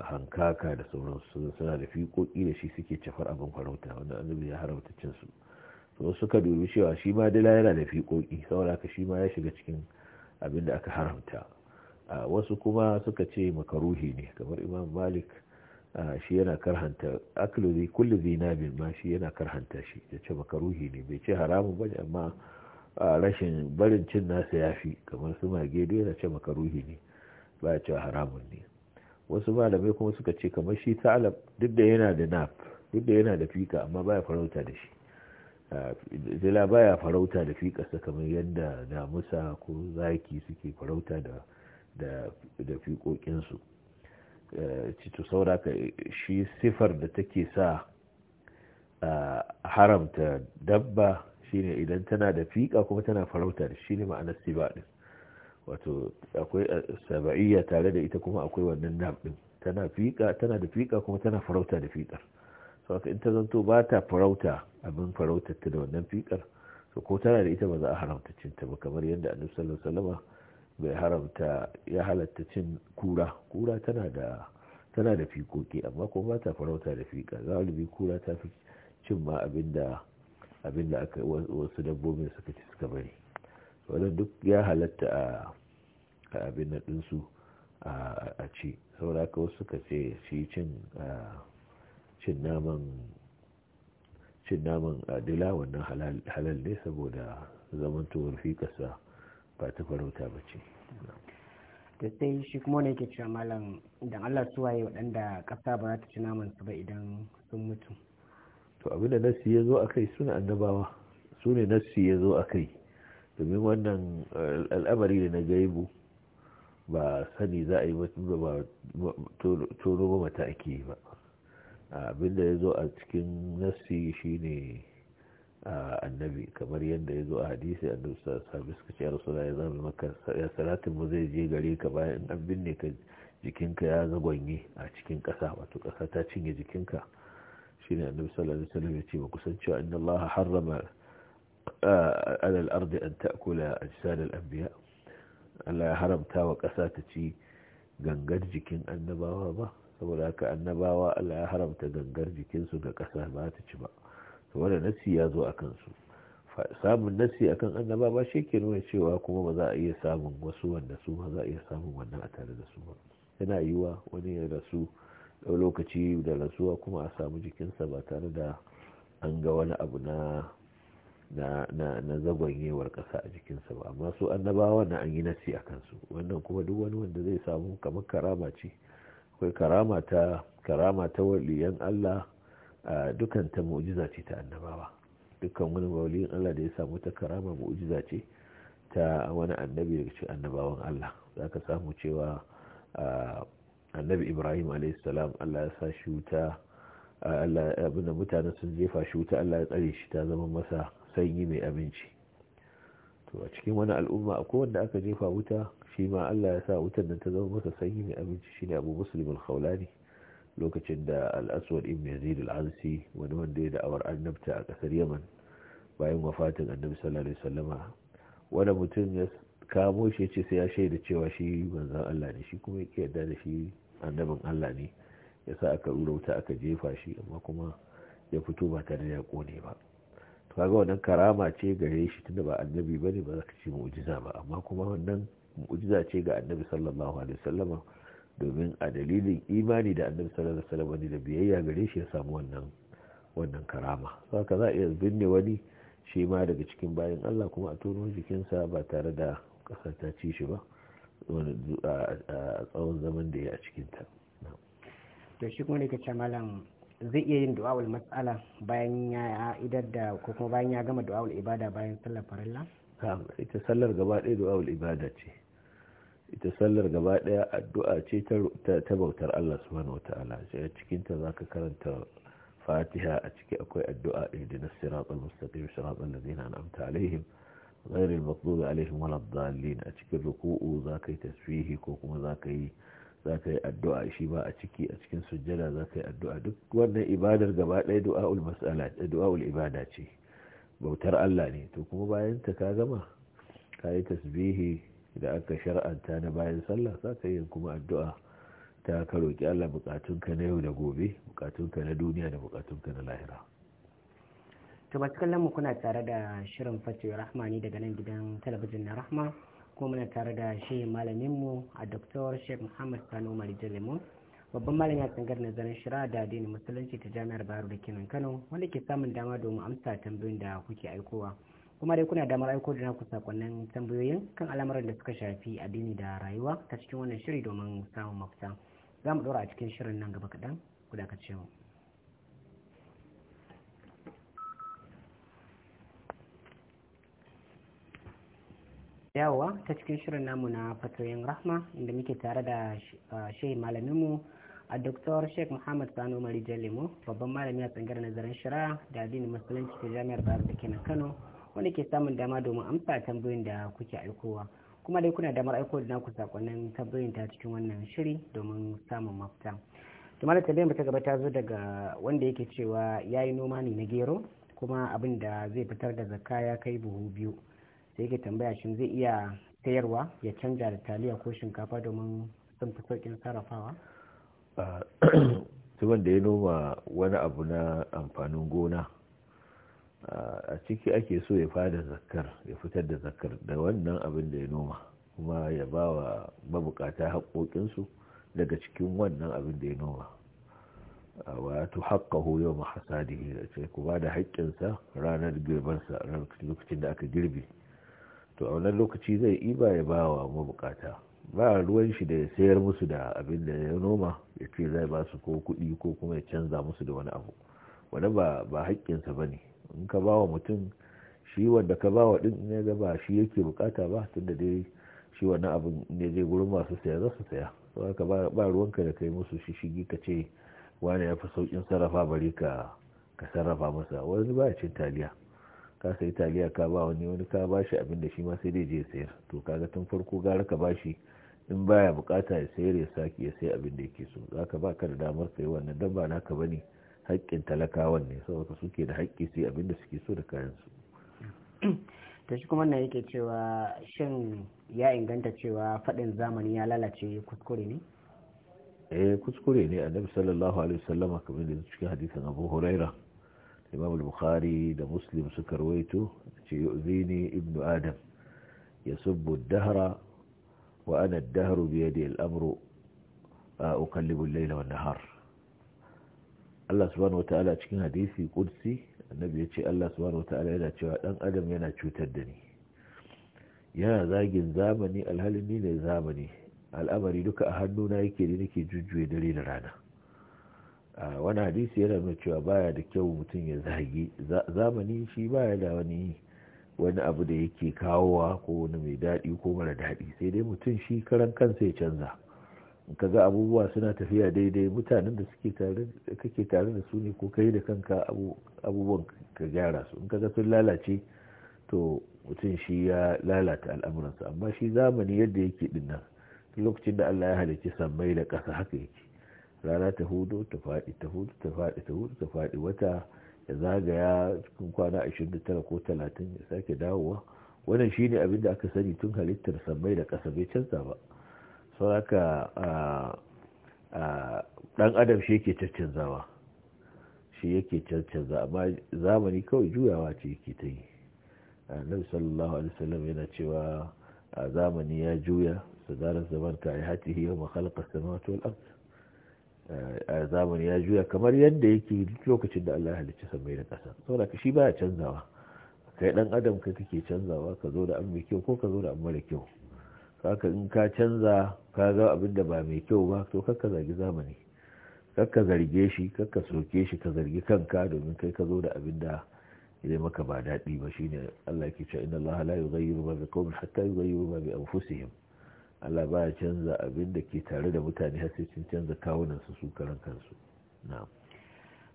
Speaker 2: hankaka da sauransu suna da fiƙoƙi da shi suke cafar abin farauta wanda annabi ya haramta cinsu. su to suka dubi cewa shi ma dila yana da fiƙoƙi saboda haka shi ma ya shiga cikin abin da aka haramta wasu kuma suka ce makaruhi ne kamar imam malik shi yana karhanta aklu zai kullu zinabin ma shi yana karhanta shi ya ce ruhi ne bai ce haramun ba ne amma rashin barin cin nasa ya fi kamar su mage duk yana ce ruhi ne ba ya ce haramun ne wasu malamai kuma suka ce kamar shi ta'alab duk da yana da naf duk da yana da fika amma baya farauta da shi zila baya farauta da fiƙarsa kamar yadda damusa ko zaki suke farauta da da cito ka shi sifar da take sa haramta dabba shine idan tana da fiƙa kuma tana farauta da shi ne ma'anar siba ɗin wato akwai saba'iyya tare da ita kuma akwai wannan nam ɗin tana fika tana da fiƙa kuma tana farauta da fiƙar aka in ta zanto ba ta farauta abin farautar ta da wannan fiƙar ko tana da ita ba za a haramta cinta ba kamar yadda annabi sallallahu alaihi bai haramta ya halatta cin kura kura tana da tana da fikoki amma ko ba ta farauta da fika galibi kura ta fi cin ma abinda abinda aka wasu dabbobin suka ci suka bari wannan duk ya halatta a abin na ɗinsu a ci saboda ka wasu suka ce shi cin naman cin naman dila wannan halal ne saboda zamantowar fikasa kasa
Speaker 1: ba ta farauta ba ce da sai shi kuma ne ke cewa malam idan allah suwaye waɗanda ƙasa ba za ta ci naman su ba idan sun mutu
Speaker 2: to abin da nassi ya zo a kai suna annabawa su ne nassi ya zo a kai domin wannan eh, al'amari da na gaibu ba sani za a yi ba toro ba mata ake yi ba abin da ya zo a cikin nassi shine annabi kamar yadda ya zo a hadisi a dusa sabis suka ciyar su ya zama maka ya salatin mu zai je gare ka bayan in an binne ka jikinka ya zagonye a cikin ƙasa wato ƙasa ta cinye jikinka shine annabi sallallahu alaihi wasallam ya ce ba kusan cewa inna Allah harrama ala al-ard an ta'kula ajsad al-anbiya Allah ya haramta wa ƙasa ta ci gangar jikin annabawa ba saboda haka annabawa Allah ya haramta gangar jikinsu ga ƙasa ba ta ci ba to wanda nasi ya zo a kansu samun a kan annaba ba shi ke nuna cewa kuma ba za a iya samun wasu wanda su ba za a iya samun wannan a tare da su ba yana yiwa wani ya rasu lokaci da rasuwa kuma a samu jikinsa ba tare da an ga wani abu na na na na zagwanyewar ƙasa a jikinsa ba amma su annabawa na an yi nasi a kansu wannan kuma duk wani wanda zai samu kamar karama ce akwai karama ta karama ta waliyan Allah dukan ta mu'jiza ce ta annabawa dukkan wani mauliyin Allah da ya samu ta karama mu'jiza ce ta wani annabi daga cikin annabawan Allah zaka samu cewa annabi Ibrahim a.s. Allah ya sa shi wuta abinda mutane sun jefa shi wuta Allah ya tsare shi ta zama masa sanyi mai abinci to a cikin wani al'umma akwai wanda aka jefa wuta shi ma Allah ya sa wutan nan ta zama masa sanyi mai aminci shine Abu Muslim al lokacin da al'aswar ibn yazid al'ansi wani wanda ya da'awar annabta a kasar yaman bayan wafatin annabi sallallahu alaihi wasallama wanda mutum ya kamo shi ce sai ya shaida cewa shi manzan Allah ne shi kuma ya yadda da shi annabin Allah ne ya sa aka rura wuta aka jefa shi amma kuma ya fito ba tare ya kone ba to kaga wannan karama ce gare shi tunda ba annabi bane ba za ka ce mu'jiza ba amma kuma wannan mu'jiza ce ga annabi sallallahu alaihi wasallama domin a dalilin imani da annabi sallallahu alaihi wasallam da biyayya gare shi ya samu wannan wannan karama ka za a iya binne wani shi ma daga cikin bayan Allah kuma a tono jikinsa ba tare da kasa ta ci shi ba a tsawon zaman da ya a cikin ta.
Speaker 1: to shi kuma ne ka malam zai iya yin du'a'ul mas'ala bayan ya idar da ko kuma bayan ya gama du'a'ul ibada bayan sallar farilla
Speaker 2: ita sallar gaba ɗaya du'a'ul ibada ce ita sallar gaba daya addu'a ce ta bautar Allah subhanahu wataala sai cikin ta zaka karanta fatiha a ciki akwai addu'a ihdinas siratal mustaqim siratal ladzina an'amta alaihim ghairil maghdubi alaihim waladdallin a cikin ruku'u zaka yi tasbihi ko kuma zaka yi yi addu'a shi ba a ciki a cikin sujjada zaka yi addu'a duk wannan ibadar gaba daya du'aul ibada ce bautar Allah ne to kuma bayan ta ka gama ka yi tasbihi idan aka shar'anta na bayan sallah za ka yi kuma addu'a ta ka roƙi Allah bukatunka na yau da gobe bukatunka na duniya da bukatunka na lahira
Speaker 1: to ba kallon mu kuna tare da shirin fatiwa rahmani daga nan gidan talabijin na rahma kuma muna tare da shi malamin mu a doktor sheikh muhammad sanu marijan lemon babban malam ya tsangar nazarin shira da addinin musulunci ta jami'ar bayero da kenan kano wanda ke samun dama domin amsa tambayoyin da kuke aikowa kuma dai kuna damar aiko da naku sakonnin tambayoyin kan al'amuran da suka shafi addini da rayuwa ta cikin wannan shiri domin samun mafita za mu ɗora a cikin shirin nan gaba kaɗan ku dakace mu yawa ta cikin shirin namu na fatoyin rahma inda muke tare da shehi malaminmu a Dr. Sheikh Muhammad Sano Marijan Lemo babban malami a tsangar nazarin shari'a da addinin musulunci ta jami'ar Bayar da Kano wanda ke samun dama domin amsa tambayoyin da kuke aikowa kuma dai kuna damar aiko da naku sakonnin tambayoyin ta cikin wannan shiri domin samun mafita to da tambayar ta gaba ta zo daga wanda yake cewa ya yi noma ne na gero kuma abin da zai fitar da zakka ya kai buhu biyu sai yake tambaya shin zai iya sayarwa ya canja da taliya ko shinkafa domin sun fi sauƙin sarrafawa ah,
Speaker 2: sai wanda ya noma wani abu na amfanin gona a ciki ake so ya fada zakkar ya fitar da zakar da wannan abin da ya noma kuma ya ba wa mabukata haƙoƙinsu daga cikin wannan abin da ya noma wato haƙƙahu yau mahasadihi da ce ku ba da haƙƙinsa ranar girbansa lokacin da aka girbi. to a wannan lokaci zai iba ya ba wa mabukata ba ruwan shi da ya sayar musu da abin da ya noma ya ce zai ba su ko kuɗi ko kuma ya canza musu da wani abu wani ba haƙƙinsa ba ne in ka ba wa mutum shi wanda ka ba wa ɗin ne ba shi yake bukata ba tun da dai shi wannan abin ne zai gurin masu saya za su saya to ka ba ruwanka da kai musu shi shigi ka ce wani ya fi saukin sarrafa bari ka ka sarrafa masa wani ba cin taliya ka sayi taliya ka ba wani wani ka ba shi abin da shi ma sai dai je sayar to kaga tun farko gara ka ba shi in baya bukata ya sayar ya saki ya sai abin da yake so zaka ba ka da damar sayi wannan dan ba naka bane haƙƙin talakawan ne saboda suke da haƙƙi su abin da suke so da kayansu
Speaker 1: ta shi kuma na yake cewa shin ya inganta cewa faɗin zamani ya lalace kuskure ne
Speaker 2: eh kuskure ne annabi sallallahu alaihi wasallam kamar da cikin hadisin Abu Huraira Imam al-Bukhari da Muslim suka rawaito ce yu'zini ibnu adam yasubbu ad-dahra wa ana ad-dahru bi yadi al-amru uqallibu al-layla wan-nahar Allah subhanahu wata'ala cikin hadisi kursi annabi ya ce Allah subhanahu wata'ala yana cewa dan adam yana cutar da ni yana zagin zamani alhalin ni ne zamani al'amari duka a hannu na yake da nake jujjuye dare da rana wani hadisi yana nuna cewa baya da kyau mutum ya zagi zamani shi baya da wani wani abu da yake kawowa ko wani mai daɗi ko mara daɗi sai dai mutum shi karan kansa ya canza ka ga abubuwa suna tafiya daidai mutanen da suke tare kake tare da su ne ko kai da kanka abubuwan ka gyara su in ka ga sun lalace to mutum shi ya lalata al'amuransa amma shi zamani yadda yake dinnan lokacin da Allah ya halicci sammai da ƙasa haka yake rana ta hudu ta faɗi ta hudu ta faɗi ta hudu ta faɗi wata ya zagaya cikin kwana tara ko talatin ya sake dawowa wannan shine abin da aka sani tun halittar sammai da ƙasa bai canza ba sauraka dan adam shi yake caccanzawa shi yake caccanza amma zamani kawai juyawa ce yake ta yi annabi sallallahu alaihi wasallam yana cewa a zamani ya juya sadarar zaman ka hatihi yau ma samawati wal a zamani ya juya kamar yadda yake lokacin da Allah ya halicci bai da ƙasa saboda shi baya canzawa kai dan adam kai kake canzawa ka zo da an mai kyau ko ka zo da an mara kyau kaka in ka canza ka ga abin da ba mai kyau ba to kaka zargi zamani kaka zarge shi kakka soke shi ka zargi kanka domin kai ka zo da abin da idan maka ba daɗi ba shine Allah yake cewa inna Allah la yughayyiru ma biqawmin hatta yughayyiru ma bi anfusihim Allah baya canza abin da ke tare da mutane har sai sun canza kawunan
Speaker 1: su su karan kansu na'am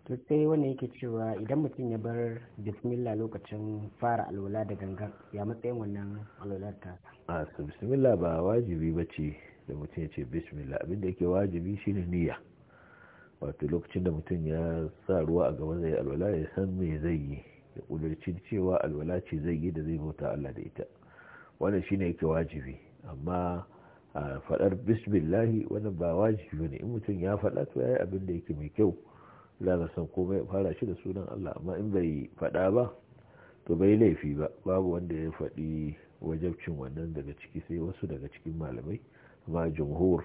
Speaker 1: to sai wanda yake cewa idan mutum ya bar bismillah lokacin fara alwala da gangan ya matsayin wannan alwalar ta
Speaker 2: a su bismillah ba wajibi ba ce da mutum ya ce bismillah abinda yake wajibi shine niyya wato lokacin da mutum ya sa ruwa a gaban zai alwala ya san me zai yi ya kudurci cewa alwala ce zai yi da zai bauta Allah da ita wannan shine yake wajibi amma a faɗar bismillahi wannan ba wajibi ne in mutum ya faɗa to yi abin da yake mai kyau lalasan komai ya fara shi da sunan Allah amma in bai faɗa ba to bai laifi ba babu wanda ya faɗi wajabcin wannan daga ciki sai wasu daga cikin malamai amma jumhur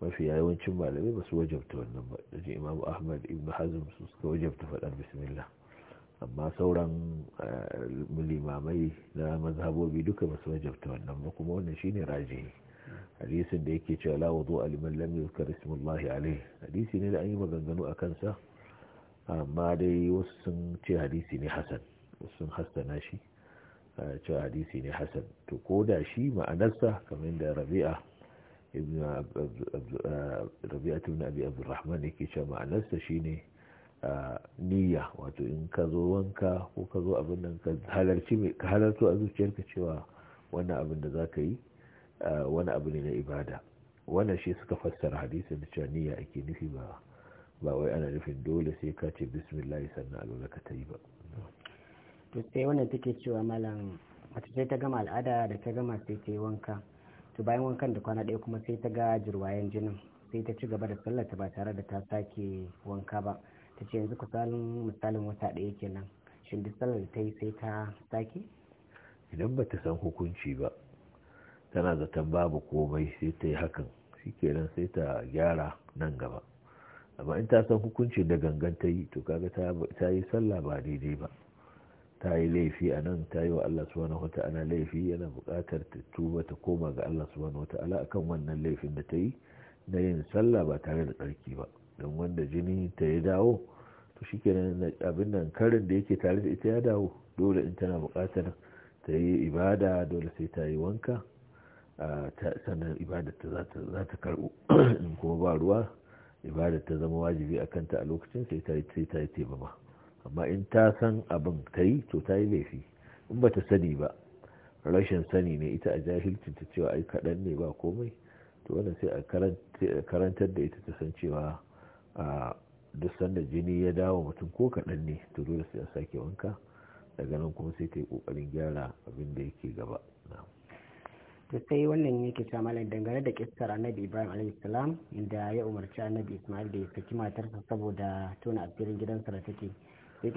Speaker 2: mafi yawancin malamai ba su wajabta wannan ba da ji imamu ahmad ibn hazm su suka wajabta faɗar bismillah amma sauran eh, limamai na mazhabobi duka ba su wajabta wannan ba kuma wannan shine rajihi hadisin da yake cewa la wudu aliman lam yuzkar ismullahi alayhi hadisi ne da an yi maganganu a kansa amma dai wasu sun ce hadisi ne hasan wasu sun hassana shi cewa hadisi ne hasan to ko da shi ma'anarsa kamar da rabi'a ibn rabi'a abi abdurrahman yake ce ma'anarsa shine niyya wato in ka zo wanka ko ka zo abin nan ka halarci ka halarto a zuciyarka cewa wannan abin da za ka yi wani abu ne na ibada wannan shi suka fassara hadisi, da cewa niyya
Speaker 1: ake nufi ba ba wai ana nufin dole sai ka ce bismillah sannan alwala ka ta yi ba to sai wannan take cewa malam mace sai ta gama al'ada da ta gama sai ta yi wanka to bayan wankan da kwana ɗaya kuma sai ta ga jirwayen jinin sai ta ci gaba da ta ba tare da ta sake wanka ba ta ce yanzu kusalin misalin wata ɗaya kenan shin duk sallar da ta yi sai ta sake idan ba ta san hukunci ba
Speaker 2: tana zaton babu komai sai ta yi hakan kenan sai ta gyara nan gaba amma in ta san hukuncin da gangan ta yi to kaga ta yi sallah ba daidai ba ta yi laifi a nan ta yi wa Allah subhanahu wata'ala laifi yana buƙatar ta tuba ta koma ga Allah subhanahu ala akan wannan laifin da ta yi na yin sallah ba tare da tsarki ba don wanda jini ta ya dawo to shikenan abin nan karin da yake tare da ita ya dawo dole in tana buƙatar ta yi ibada dole sai ta yi wanka sannan ibada ta za ta karɓo in kuma ba ruwa ibadar ta zama wajibi a kanta a lokacin sai ta yi ta yi amma in ta san abin ta yi to ta yi laifi in ba ta sani ba rashin sani ne ita a jahilcin ta cewa ai kaɗan ne ba komai to wannan sai a karantar da ita ta san cewa a duk sanda jini ya dawo mutum ko kaɗan ne to dole sai a sake
Speaker 1: wanka daga nan kuma sai ta yi ƙoƙarin gyara abin da yake gaba to sai wannan yake ta malam dangane da kissar annabi ibrahim alaihi salam inda ya umarci annabi ismail da ya saki matarsa saboda tona asirin gidansa da take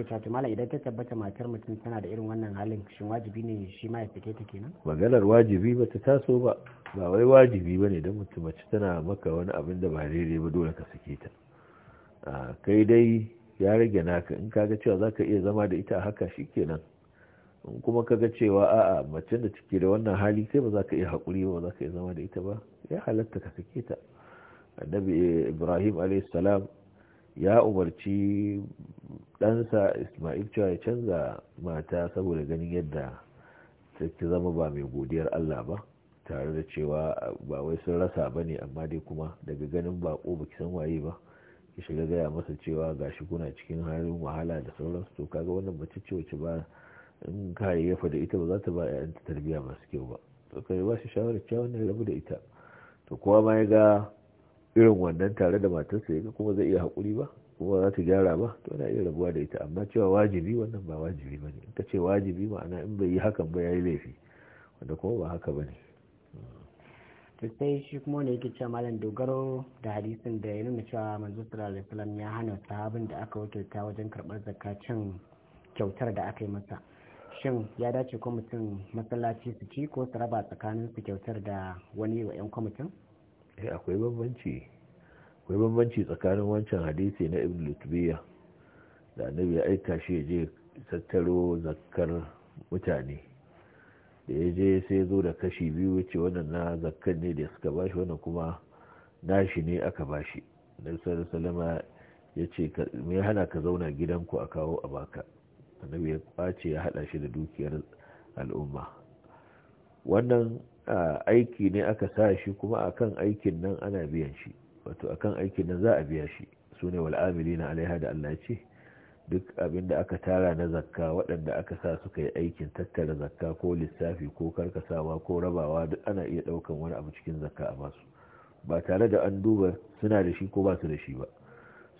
Speaker 1: sai ka malam idan ta tabbata matar mutum tana da irin wannan halin shin wajibi ne shi ma ya sake ta kenan
Speaker 2: maganar wajibi ba ta taso ba ba wai wajibi ba ne don mutum mace tana maka wani abin da ba daidai ba dole ka sake ta ah, kai dai ya rage naka in ka ga cewa zaka iya zama da ita haka shi kenan kuma ka ga cewa a'a macen da ciki da wannan hali sai ba za ka iya haƙuri ba za ka iya zama da ita ba ya halatta ka sake ta annabi ibrahim a.s. ya umarci ɗansa ismail cewa ya canza mata saboda ganin yadda ta zama ba mai godiyar allah ba tare da cewa ba wai sun rasa ba ne amma dai kuma daga ganin baƙo ba san waye ba ki shiga gaya masa cewa gashi kuna cikin halin wahala da sauransu to kaga wannan mace ce wace ba in ka yafa da ita ba za ta ba ‘ya'yanta tarbiyya masu kyau ba to kai ba shi shawarar kyawun ne rabu da ita to kowa ma ya ga irin wannan tare da matarsa ya ga kuma zai iya haƙuri ba kuma za ta gyara ba to na iya rabuwa da ita amma cewa wajibi wannan ba wajibi ba ne in ka ce wajibi ma'ana in bai yi hakan ba ya yi laifi wanda kuma ba haka ba ne
Speaker 1: to sai shi kuma ne yake cewa malam dogaro da hadisin da ya nuna cewa manzo sallallahu alaihi wasallam ya hana sahabin da aka wakilta wajen karɓar zakacin kyautar da aka yi masa shin ya dace kwamitin masallaci su ci ko su raba tsakanin su kyautar da wani wa 'yan kwamitin? eh akwai bambanci
Speaker 2: akwai bambanci tsakanin wancan hadisi na ibn lutubiya da annabi ya aika shi je tattaro zakkar mutane da ya je sai zo da kashi biyu wuce wannan na zakkar ne da suka bashi wannan kuma nashi ne aka bashi nabi sallallahu salama ya ce me hana ka zauna gidanku a kawo a baka annabi ya kwace ya hada shi da dukiyar al'umma wannan aiki ne aka sa shi kuma akan aikin nan ana biyan shi wato akan aikin nan za a biya shi su ne wal'amili na alaiha da Allah ce duk abin da aka tara na zakka waɗanda aka sa suka yi aikin tattara zakka ko lissafi ko karkasawa ko rabawa duk ana iya ɗaukan wani abu cikin zakka a basu ba tare da an duba suna da shi ko ba su da shi ba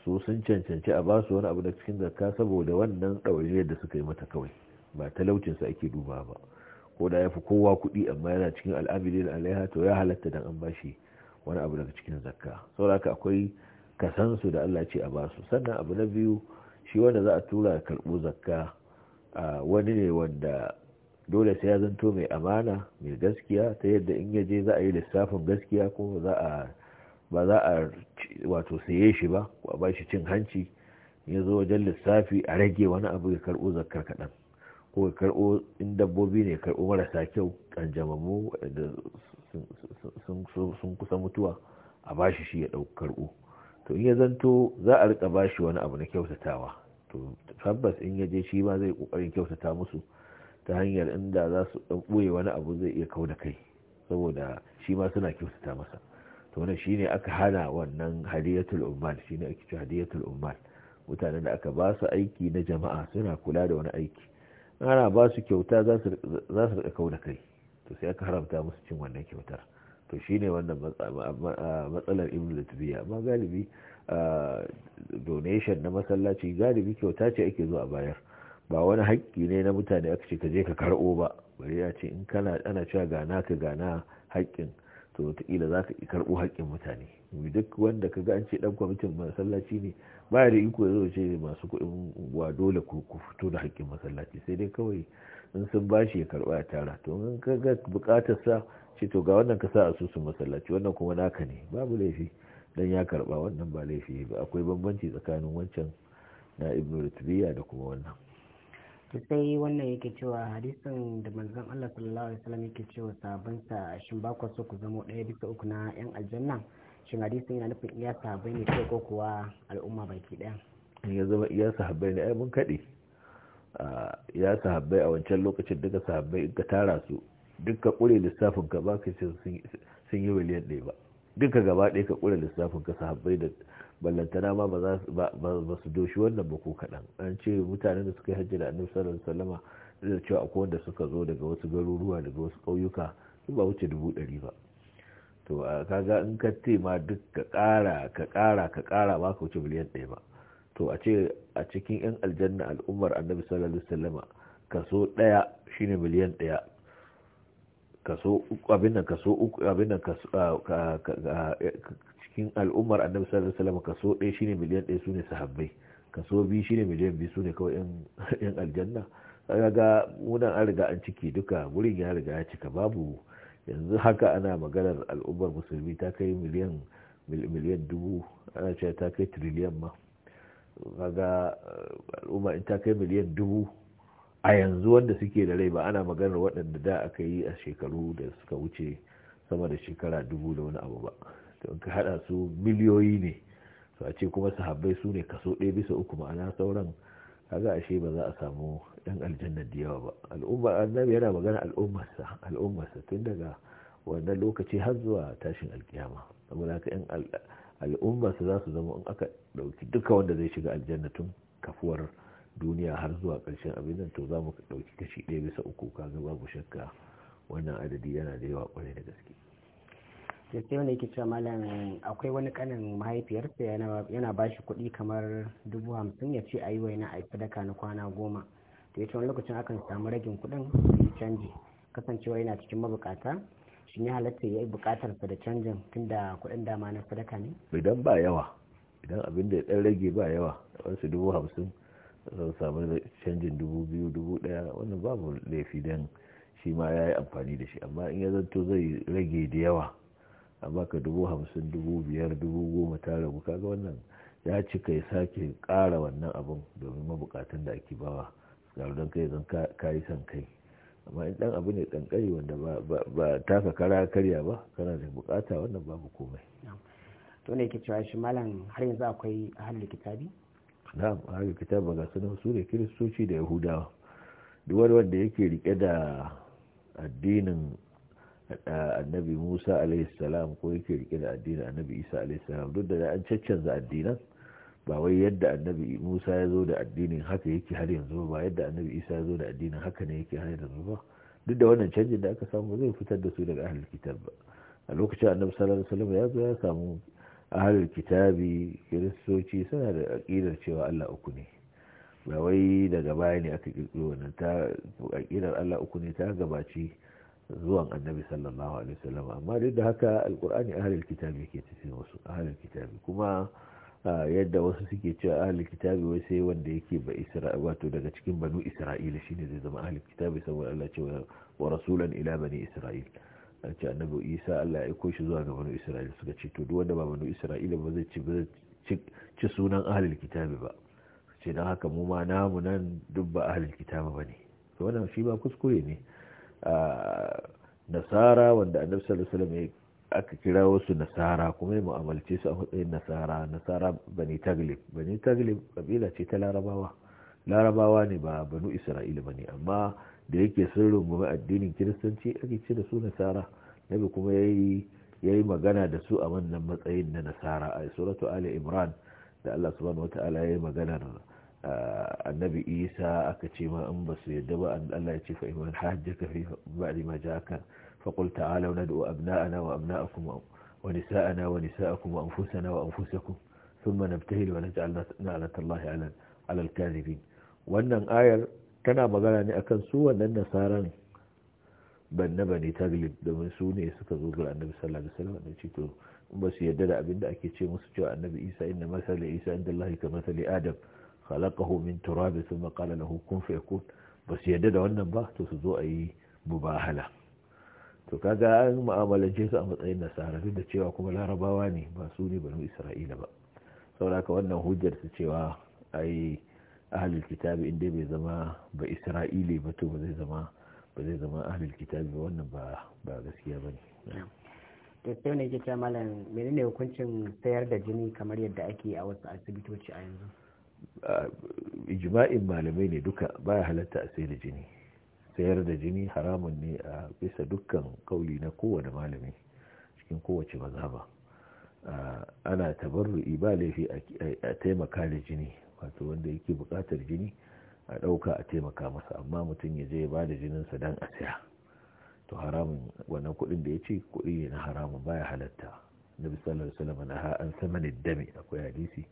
Speaker 2: su sun cancanci a ba su wani abu da cikin zakka saboda wannan ɗaure da suka yi mata kawai ba talaucinsa ake duba ba ko da ya fi kowa kuɗi amma yana cikin da alaiha to ya halatta dan an bashi wani abu daga cikin zakka saboda haka akwai kasan su da Allah ce a ba su sannan abu na biyu shi wanda za a tura karɓo zakka a wani ne wanda dole sai ya zanto mai amana mai gaskiya ta yadda in yaje za a yi lissafin gaskiya kuma za a ba za a wato saye shi ba ko a bashi cin hanci ya zo wajen lissafi a rage wani abu ya karɓo zakar kaɗan ko ya karɓo in dabbobi ne ya karɓo marasa kyau ƙanjamammu da sun kusa mutuwa a bashi shi ya ɗauki karɓo to in ya zanto za a riƙa bashi wani abu na kyautatawa to tabbas in ya je shi ma zai ƙoƙarin kyautata musu ta hanyar inda za su ɗan ɓoye wani abu zai iya kau da kai saboda shi ma suna kyautata masa to wannan shine aka hana wannan hadiyatul ummal shine ake hadiyatul ummal mutanen da aka ba su aiki na jama'a suna kula da wani aiki ana ba su kyauta za su rika da kai to sai aka haramta musu cin wannan kyautar to shine wannan matsalar ibn lutbiya amma galibi donation na masallaci galibi kyauta ce ake zuwa bayar ba wani haƙƙi ne na mutane aka ce ka je ka karɓo ba bari ya ce in kana ana cewa gana ka gana haƙƙin to wataƙila za ka karɓo haƙƙin mutane duk wanda ka ga an ce ɗan kwamitin masallaci ne ba da iko ya ce masu kuɗin wa dole ku fito da haƙƙin masallaci sai dai kawai in sun ba shi ya karɓa ya tara to in ka ga buƙatar sa ce to ga wannan ka sa asusun masallaci wannan kuma naka ne babu laifi dan ya karɓa wannan ba laifi ba akwai bambanci tsakanin wancan na ibnu da kuma wannan
Speaker 1: to sai wannan yake cewa hadisin da manzon Allah sallallahu alaihi wasallam yake cewa sa shin ba ku so ku zama ɗaya bisa uku na yan aljanna shin hadisin yana nufin iya sabai ne ko kuwa al'umma baki ɗaya
Speaker 2: ya zama iya sahabbai ne ai mun kaɗe ya sahabbai a wancan lokacin duka sahabbai in ka tara su duka ƙure lissafin ka ba ka sun yi waliyan ɗaya ba duka gaba ɗaya ka ƙure lissafin ka sahabbai da ballantana ma ba su doshi wannan ba ko kaɗan an ce mutanen da suka yi hajji da annabi sallallahu alaihi wasallama da cewa akwai wanda suka zo daga wasu garuruwa daga wasu ƙauyuka sun ba wuce dubu ɗari ba to kaga in ka ce ma duk ka ƙara ka ƙara ka ƙara ba ka wuce miliyan ɗaya ba to a ce a cikin yan aljanna al'ummar annabi sallallahu alaihi wasallama kaso ɗaya shine miliyan ɗaya kaso abin nan kaso abin nan cikin al'ummar annabi sallallahu alaihi wasallam kaso ɗaya shine miliyan ɗaya sune sahabbai kaso biyu shine miliyan biyu sune kawai yan aljanna kaga munan an riga an ciki duka wurin ya riga ya cika babu yanzu haka ana maganar al'ummar musulmi ta kai miliyan miliyan dubu ana cewa ta kai triliyan ma kaga eh, al'umma in ta kai miliyan dubu a yanzu wanda suke da rai ba ana maganar waɗanda da aka yi a shekaru da suka wuce sama da shekara dubu da wani abu ba to ka hada su miliyoyi ne to a ce kuma sahabbai su ne kaso ɗaya bisa uku ma'ana sauran kaga ashe ba za a samu yan aljanna da yawa ba al'umma annabi yana magana al'ummarsa al'ummarsa tun daga wannan lokaci har zuwa tashin alkiyama saboda ka ɗan al'ummarsa za su zama in aka ɗauki duka wanda zai shiga aljanna tun kafuwar duniya har zuwa ƙarshen abin nan to za mu ɗauki kashi ɗaya bisa uku kaga babu shakka wannan adadi yana da yawa ƙwarai da gaske
Speaker 1: to sai wanda yake cewa malam akwai wani kanin mahaifiyarsa yana ba shi kuɗi kamar dubu hamsin ya ce ayi na a daga na kwana goma to ya ce wani lokacin akan samu ragin kuɗin ya canji kasancewa yana cikin mabukata shi ne halatta ya yi bukatarsa da canjin tunda kuɗin dama na sadaka ne
Speaker 2: idan ba yawa idan abin da ya ɗan rage ba yawa wasu dubu hamsin zan samu canjin dubu biyu dubu ɗaya wannan babu laifi don shi ma ya yi amfani da shi amma in ya zanto zai rage da yawa a baka dubu hamsin dubu biyar dubu goma ta rabu kaga wannan ya ci kai sake ƙara wannan abin domin mabukatan da ake bawa don kai zan ka yi son kai amma in dan abu ne kankari wanda ba taka kara karya ba kana da bukata wannan babu komai
Speaker 1: to ne ke cewa shi malam har yanzu akwai ahal kitabi
Speaker 2: na'am ahal kitabi ga sunan su ne kiristoci da yahudawa duk wanda yake rike da addinin annabi musa alaihissalam ko yake rike da addinin annabi isa alaihissalam duk da an caccanza addinan ba wai yadda annabi musa ya zo da addinin haka yake har yanzu ba yadda annabi isa ya zo da addinin haka ne yake har yanzu ba duk da wannan canjin da aka samu zai fitar da su daga ahlul kitab ba a lokacin annabi sallallahu alaihi wasallam ya zo ya samu ahlul kitabi kiristoci suna da aqidar cewa Allah uku ne ba wai daga baya ne aka kirkiro wannan ta aqidar Allah uku ne ta gabaci zuwan annabi sallallahu alaihi wasallam amma duk da haka alkur'ani ahlul kitabi ke tafi wasu ahlul kitabi kuma yadda wasu suke cewa ahlul kitabi wai sai wanda yake ba isra'i wato daga cikin banu isra'ila shine zai zama ahlul kitabi saboda Allah ce wa rasulan ila bani isra'il ce annabi isa Allah ya aiko shi zuwa ga banu isra'ila suka ce to duk wanda ba banu isra'ila ba zai ci ci sunan ahlul kitabi ba ce dan haka mu ma namu nan duk ba ahlul kitabi bane to wannan shi ba kuskure ne nasara wanda annabi sallallahu alaihi wasallam aka kira wasu nasara kuma ya mu'amalce su a matsayin nasara nasara bani taglib bani taglib kabila ce ta larabawa larabawa ne ba banu isra'ila ba ne amma da yake sun rungumi addinin kiristanci ake ce da su nasara nabi kuma ya yi magana da su a wannan matsayin na nasara a suratu ali imran da allah subhanahu ala ya yi maganar annabi isa aka ce ma in ba su yadda ba allah ya ce fa iman hajjaka fi ba'di ma فقل تعالوا ندعو أبناءنا وأبناءكم ونساءنا ونساءكم وأنفسنا وأنفسكم ثم نبتهل ونجعل نعلة الله على على الكاذبين wannan ayar tana magana ne akan su wannan nasaran banna bane taglib domin su ne suka zo ga annabi sallallahu alaihi wasallam da to in ba su yarda da abin da ake ce musu cewa annabi isa inna masala isa inda allahi ka masali adam khalaqahu min turab thumma qala lahu ba su yarda da wannan ba to su zo a yi mubahala to kaga an mu'amalance su a matsayin nasara duk da cewa kuma larabawa ne ba su ne banu isra'ila ba saboda wannan hujjar su cewa ai ahlul kitabi inda bai zama ba isra'ili ba to ba zai zama
Speaker 1: ba zai zama ahlul kitabi ba
Speaker 2: wannan ba ba gaskiya bane
Speaker 1: to sai ne yake malam menene hukuncin sayar da jini kamar yadda ake a wasu asibitoci a yanzu
Speaker 2: ah, ijma'in malamai ne duka baya halatta a sayar da jini sayar da jini haramun ne a bisa dukkan kauli na kowane malami cikin kowace maza ba ana tabarru'i ba laifi a taimaka da jini wato wanda yake bukatar jini a ɗauka a taimaka masa amma mutum ya je ya ba da jininsa don a saya to haramun wannan kuɗin da ya ce kuɗi na haramun baya halatta na bisalar salama na ha an sama dami akwai hadisi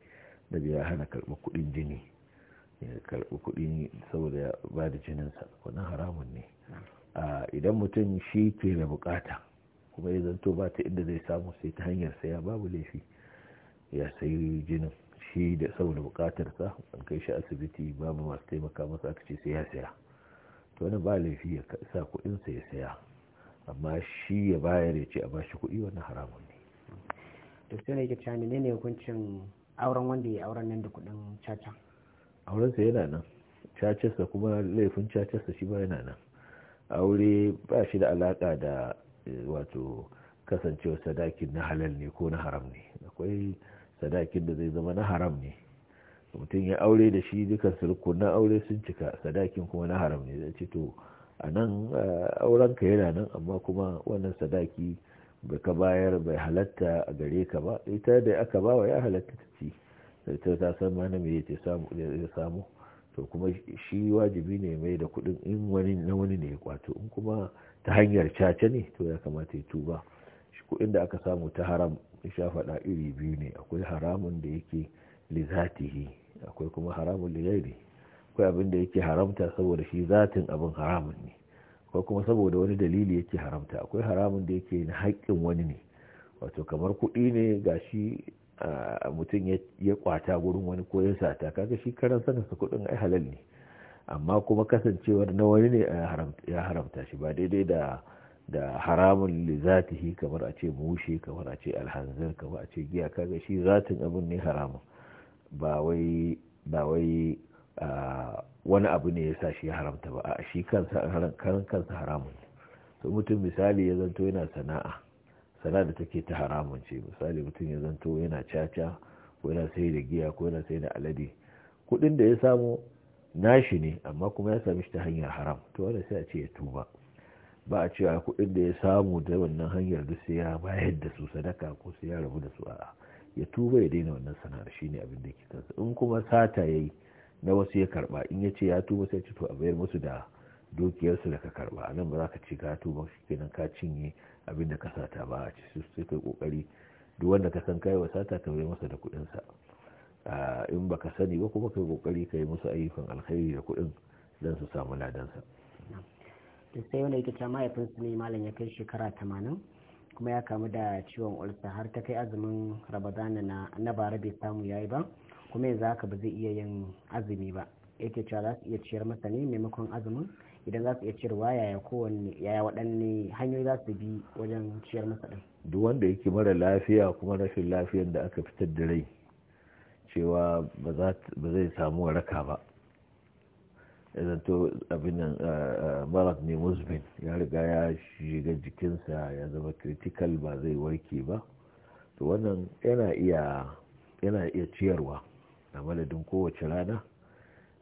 Speaker 2: na ya hana karɓar kuɗin jini ya karɓi kuɗi saboda ya ba da jininsa wannan haramun ne idan mutum shi ke da bukata kuma ya zanto ba ta inda zai samu sai ta hanyar saya babu laifi ya sayi jinin shi da saboda bukatarsa an kai shi asibiti babu masu taimaka masa aka ce sai ya saya to wani ba laifi ya sa sa ya saya amma shi ya bayar ya ce a bashi kuɗi wannan haramun ne
Speaker 1: to sai ne ke ne ne hukuncin auren wanda ya yi auren nan da kuɗin caca
Speaker 2: aurensa yana nan cacarsa kuma laifin cacarsa shi ba yana nan aure ba shi da alaka da eh, wato kasancewar sadakin na halal ne ko na haram ne akwai sadakin da zai zama na haram ne mutum ya aure da shi dukan sulku na aure sun cika sadakin kuma na haram ne zai ce to a nan eh, auren yana nan amma kuma wannan sadaki bai ka bayar bai halatta a gare ka ba ita da aka bawa ya halatta ta ci ta ta san ma namiji ya samu ya samu to kuma shi wajibi ne mai da kuɗin in wani na wani ne ya kwato in kuma ta hanyar caca ne to ya kamata ya tuba shi kuɗin da aka samu ta haram sha faɗa iri biyu ne akwai haramun da yake lizatihi akwai kuma haramun ligairi akwai abin da yake haramta saboda shi zatin abin haramun ne akwai kuma saboda wani dalili yake haramta akwai haramun da yake na haƙƙin wani ne wato kamar kuɗi ne ga shi mutum ya kwata gurin wani ko ya sata kaga shi karan sanin sa kudin ai halal ne amma kuma kasancewar na wani ne ya haramta shi ba daidai da da haramun lizatihi kamar a ce mushe kamar a ce alhanzir kamar a ce giya kaga shi zatin abin ne haramun ba wai ba wai wani abu ne ya sa shi ya haramta ba a shi kansa haramun kansa to mutum misali ya zanto yana sana'a sana da take ta haramun ce misali mutum ya zanto yana caca ko yana sai da giya ko yana sai da alade kudin da ya samu nashi ne amma kuma ya sami shi ta hanyar haram to wanda sai a ce ya tuba ba a cewa kudin da ya samu da wannan hanyar duk sai ya bayar da su sadaka ko sai ya rabu da su a'a ya tuba ya daina wannan sana'ar shine abin da ke kansa in kuma sata yayi na wasu ya karba in ya ce ya tuba sai ya ce to a bayar musu da dukiyarsu da ka karba a nan ba za ka ci ka tuba kenan ka cinye abin da ka sata ba a ci sai kai kokari duk wanda ka san kai wasata ka bai masa da kuɗin sa in baka sani ba kuma kai kokari kai musu ayyukan alkhairi da kuɗin dan su
Speaker 1: samu ladan sa to sai wanda yake ya mahaifinsu ne malam ya kai shekara tamanin kuma ya kamu da ciwon ulsa har ta kai azumin ramadana na na bara bai samu yayi ba kuma yanzu haka ba zai iya yin azumi ba yake cewa za su iya ciyar masa ne maimakon azumin idan za su iya ciyarwa yaya kowanne yaya waɗanne hanyoyi za su bi wajen ciyar masa ɗin
Speaker 2: duk wanda yake mara lafiya kuma rashin lafiyar da aka fitar da rai cewa ba zai samu waraka ba idan to abin nan marat ne musbin ya riga ya shiga jikinsa ya zama critical ba zai warke ba to wannan yana iya ciyarwa a madadin kowace rana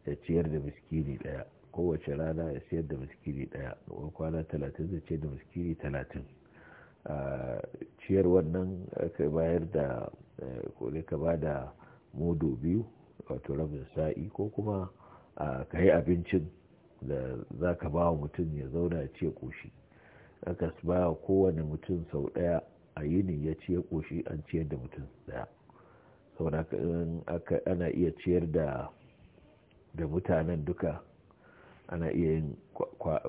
Speaker 2: ya ciyar da miskini ɗaya kowace rana ya siyar da miskini daya tsawon kwana talatin zai ce da miskini talatin ciyar wannan ka bayar da kone eh, ka ba da modo biyu wato rabin sa'i ko kuma ka yi abincin da za ka ba wa mutum ya zauna ce koshi aka ba kowane mutum sau daya a yini ya ce koshi an ciyar da mutum daya sau ana iya ciyar da mutanen duka ana iya yin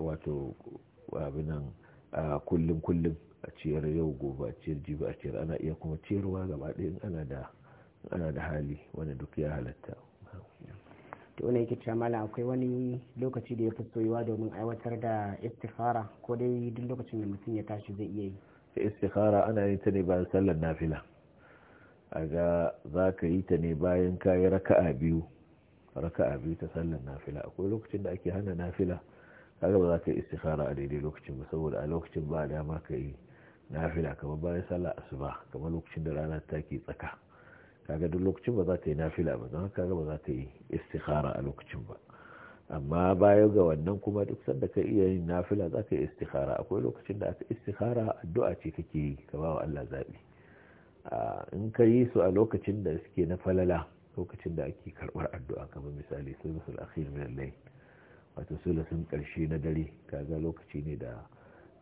Speaker 2: wato abinan kullum kullum a ciyar yau gobe a ciyar jibi a ciyar ana iya kuma ciyarwa gaba ɗaya ana da hali wanda duk ya halatta
Speaker 1: to wani yake cewa akwai wani lokaci da ya fi soyuwa domin aiwatar da istikhara ko dai duk lokacin da mutum ya tashi zai iya yi
Speaker 2: istikhara ana yin ta ne bayan sallar nafila a ga za ka yi ta ne bayan kayi raka'a biyu raka'a biyu ta sallar nafila akwai lokacin da ake hana nafila kaga ba za ka yi istikhara a daidai lokacin ba saboda a lokacin ba dama ka yi nafila kamar bayan sallar asuba kamar lokacin da rana ta ke tsaka kaga duk lokacin ba za ta yi nafila ba don kaga ba za ta yi istikhara a lokacin ba amma baya ga wannan kuma duk sanda ka iya yin nafila za ka yi istikhara akwai lokacin da aka istikhara addu'a ce kake yi ka ba wa Allah zaɓi ah, in ka yi su a lokacin da suke na falala lokacin da ake karbar addu'a kamar misali sulusul akhir min al-layl wato sulusun karshe na dare kaga lokaci ne da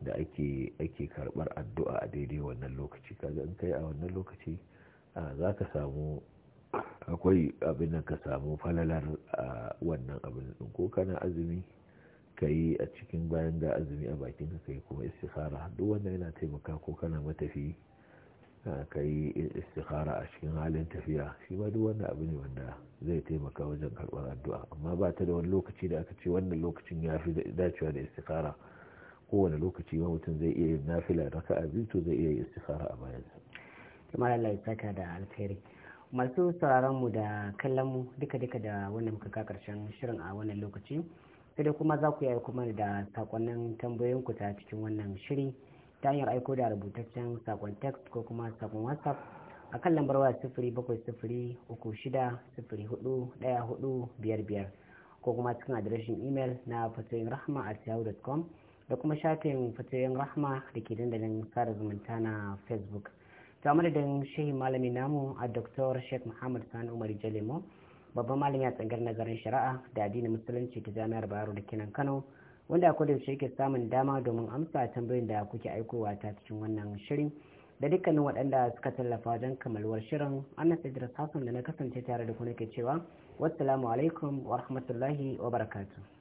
Speaker 2: da ake ake karbar addu'a a daidai wannan lokaci kaga in kai a wannan lokaci za ka samu akwai abin da ka samu falalar a wannan abin din ko kana azumi ka yi a cikin bayan da azumi a bakin ka kai kuma istikhara duk wannan yana taimaka ko kana matafi ka yi istikhara a cikin halin tafiya shi ma duk wannan abu ne wanda zai taimaka wajen karɓar addu'a amma ba ta da wani lokaci da aka ce wannan lokacin ya fi dacewa da istikhara kowane lokaci ma mutum zai iya yin nafila raka biyu
Speaker 1: to zai iya yin istikhara a bayan kamar Allah ya saka da alkhairi masu sauraron mu da kallon mu duka duka da wannan muka ka karshen shirin a wannan lokaci sai dai kuma za ku yi kuma da sakonnin tambayoyinku ta cikin wannan shiri ta hanyar aiko da rubutaccen sakon text ko kuma sakon whatsapp a kan lambar waya sifiri bakwai sifiri uku shida sifiri hudu daya hudu biyar biyar ko kuma cikin adireshin imel na fatoyin rahma a yahoo.com da kuma shafin fatoyin rahma da ke dandalin sada zumunta na facebook ta madadin shehi malami namu a dr sheikh muhammad sani umar jalemo babban malami a tsangar nazarin shari'a da addinin musulunci ta jami'ar bayero da kenan kano wanda a shi yake samun dama domin amsa tambayin da kuke aikowa ta cikin wannan shirin da dukkanin waɗanda suka tallafa don kamalwar shirin annas idris hassan da na kasance tare da ku nake cewa wassalamu alaikum wa rahmatullahi wa barakatuh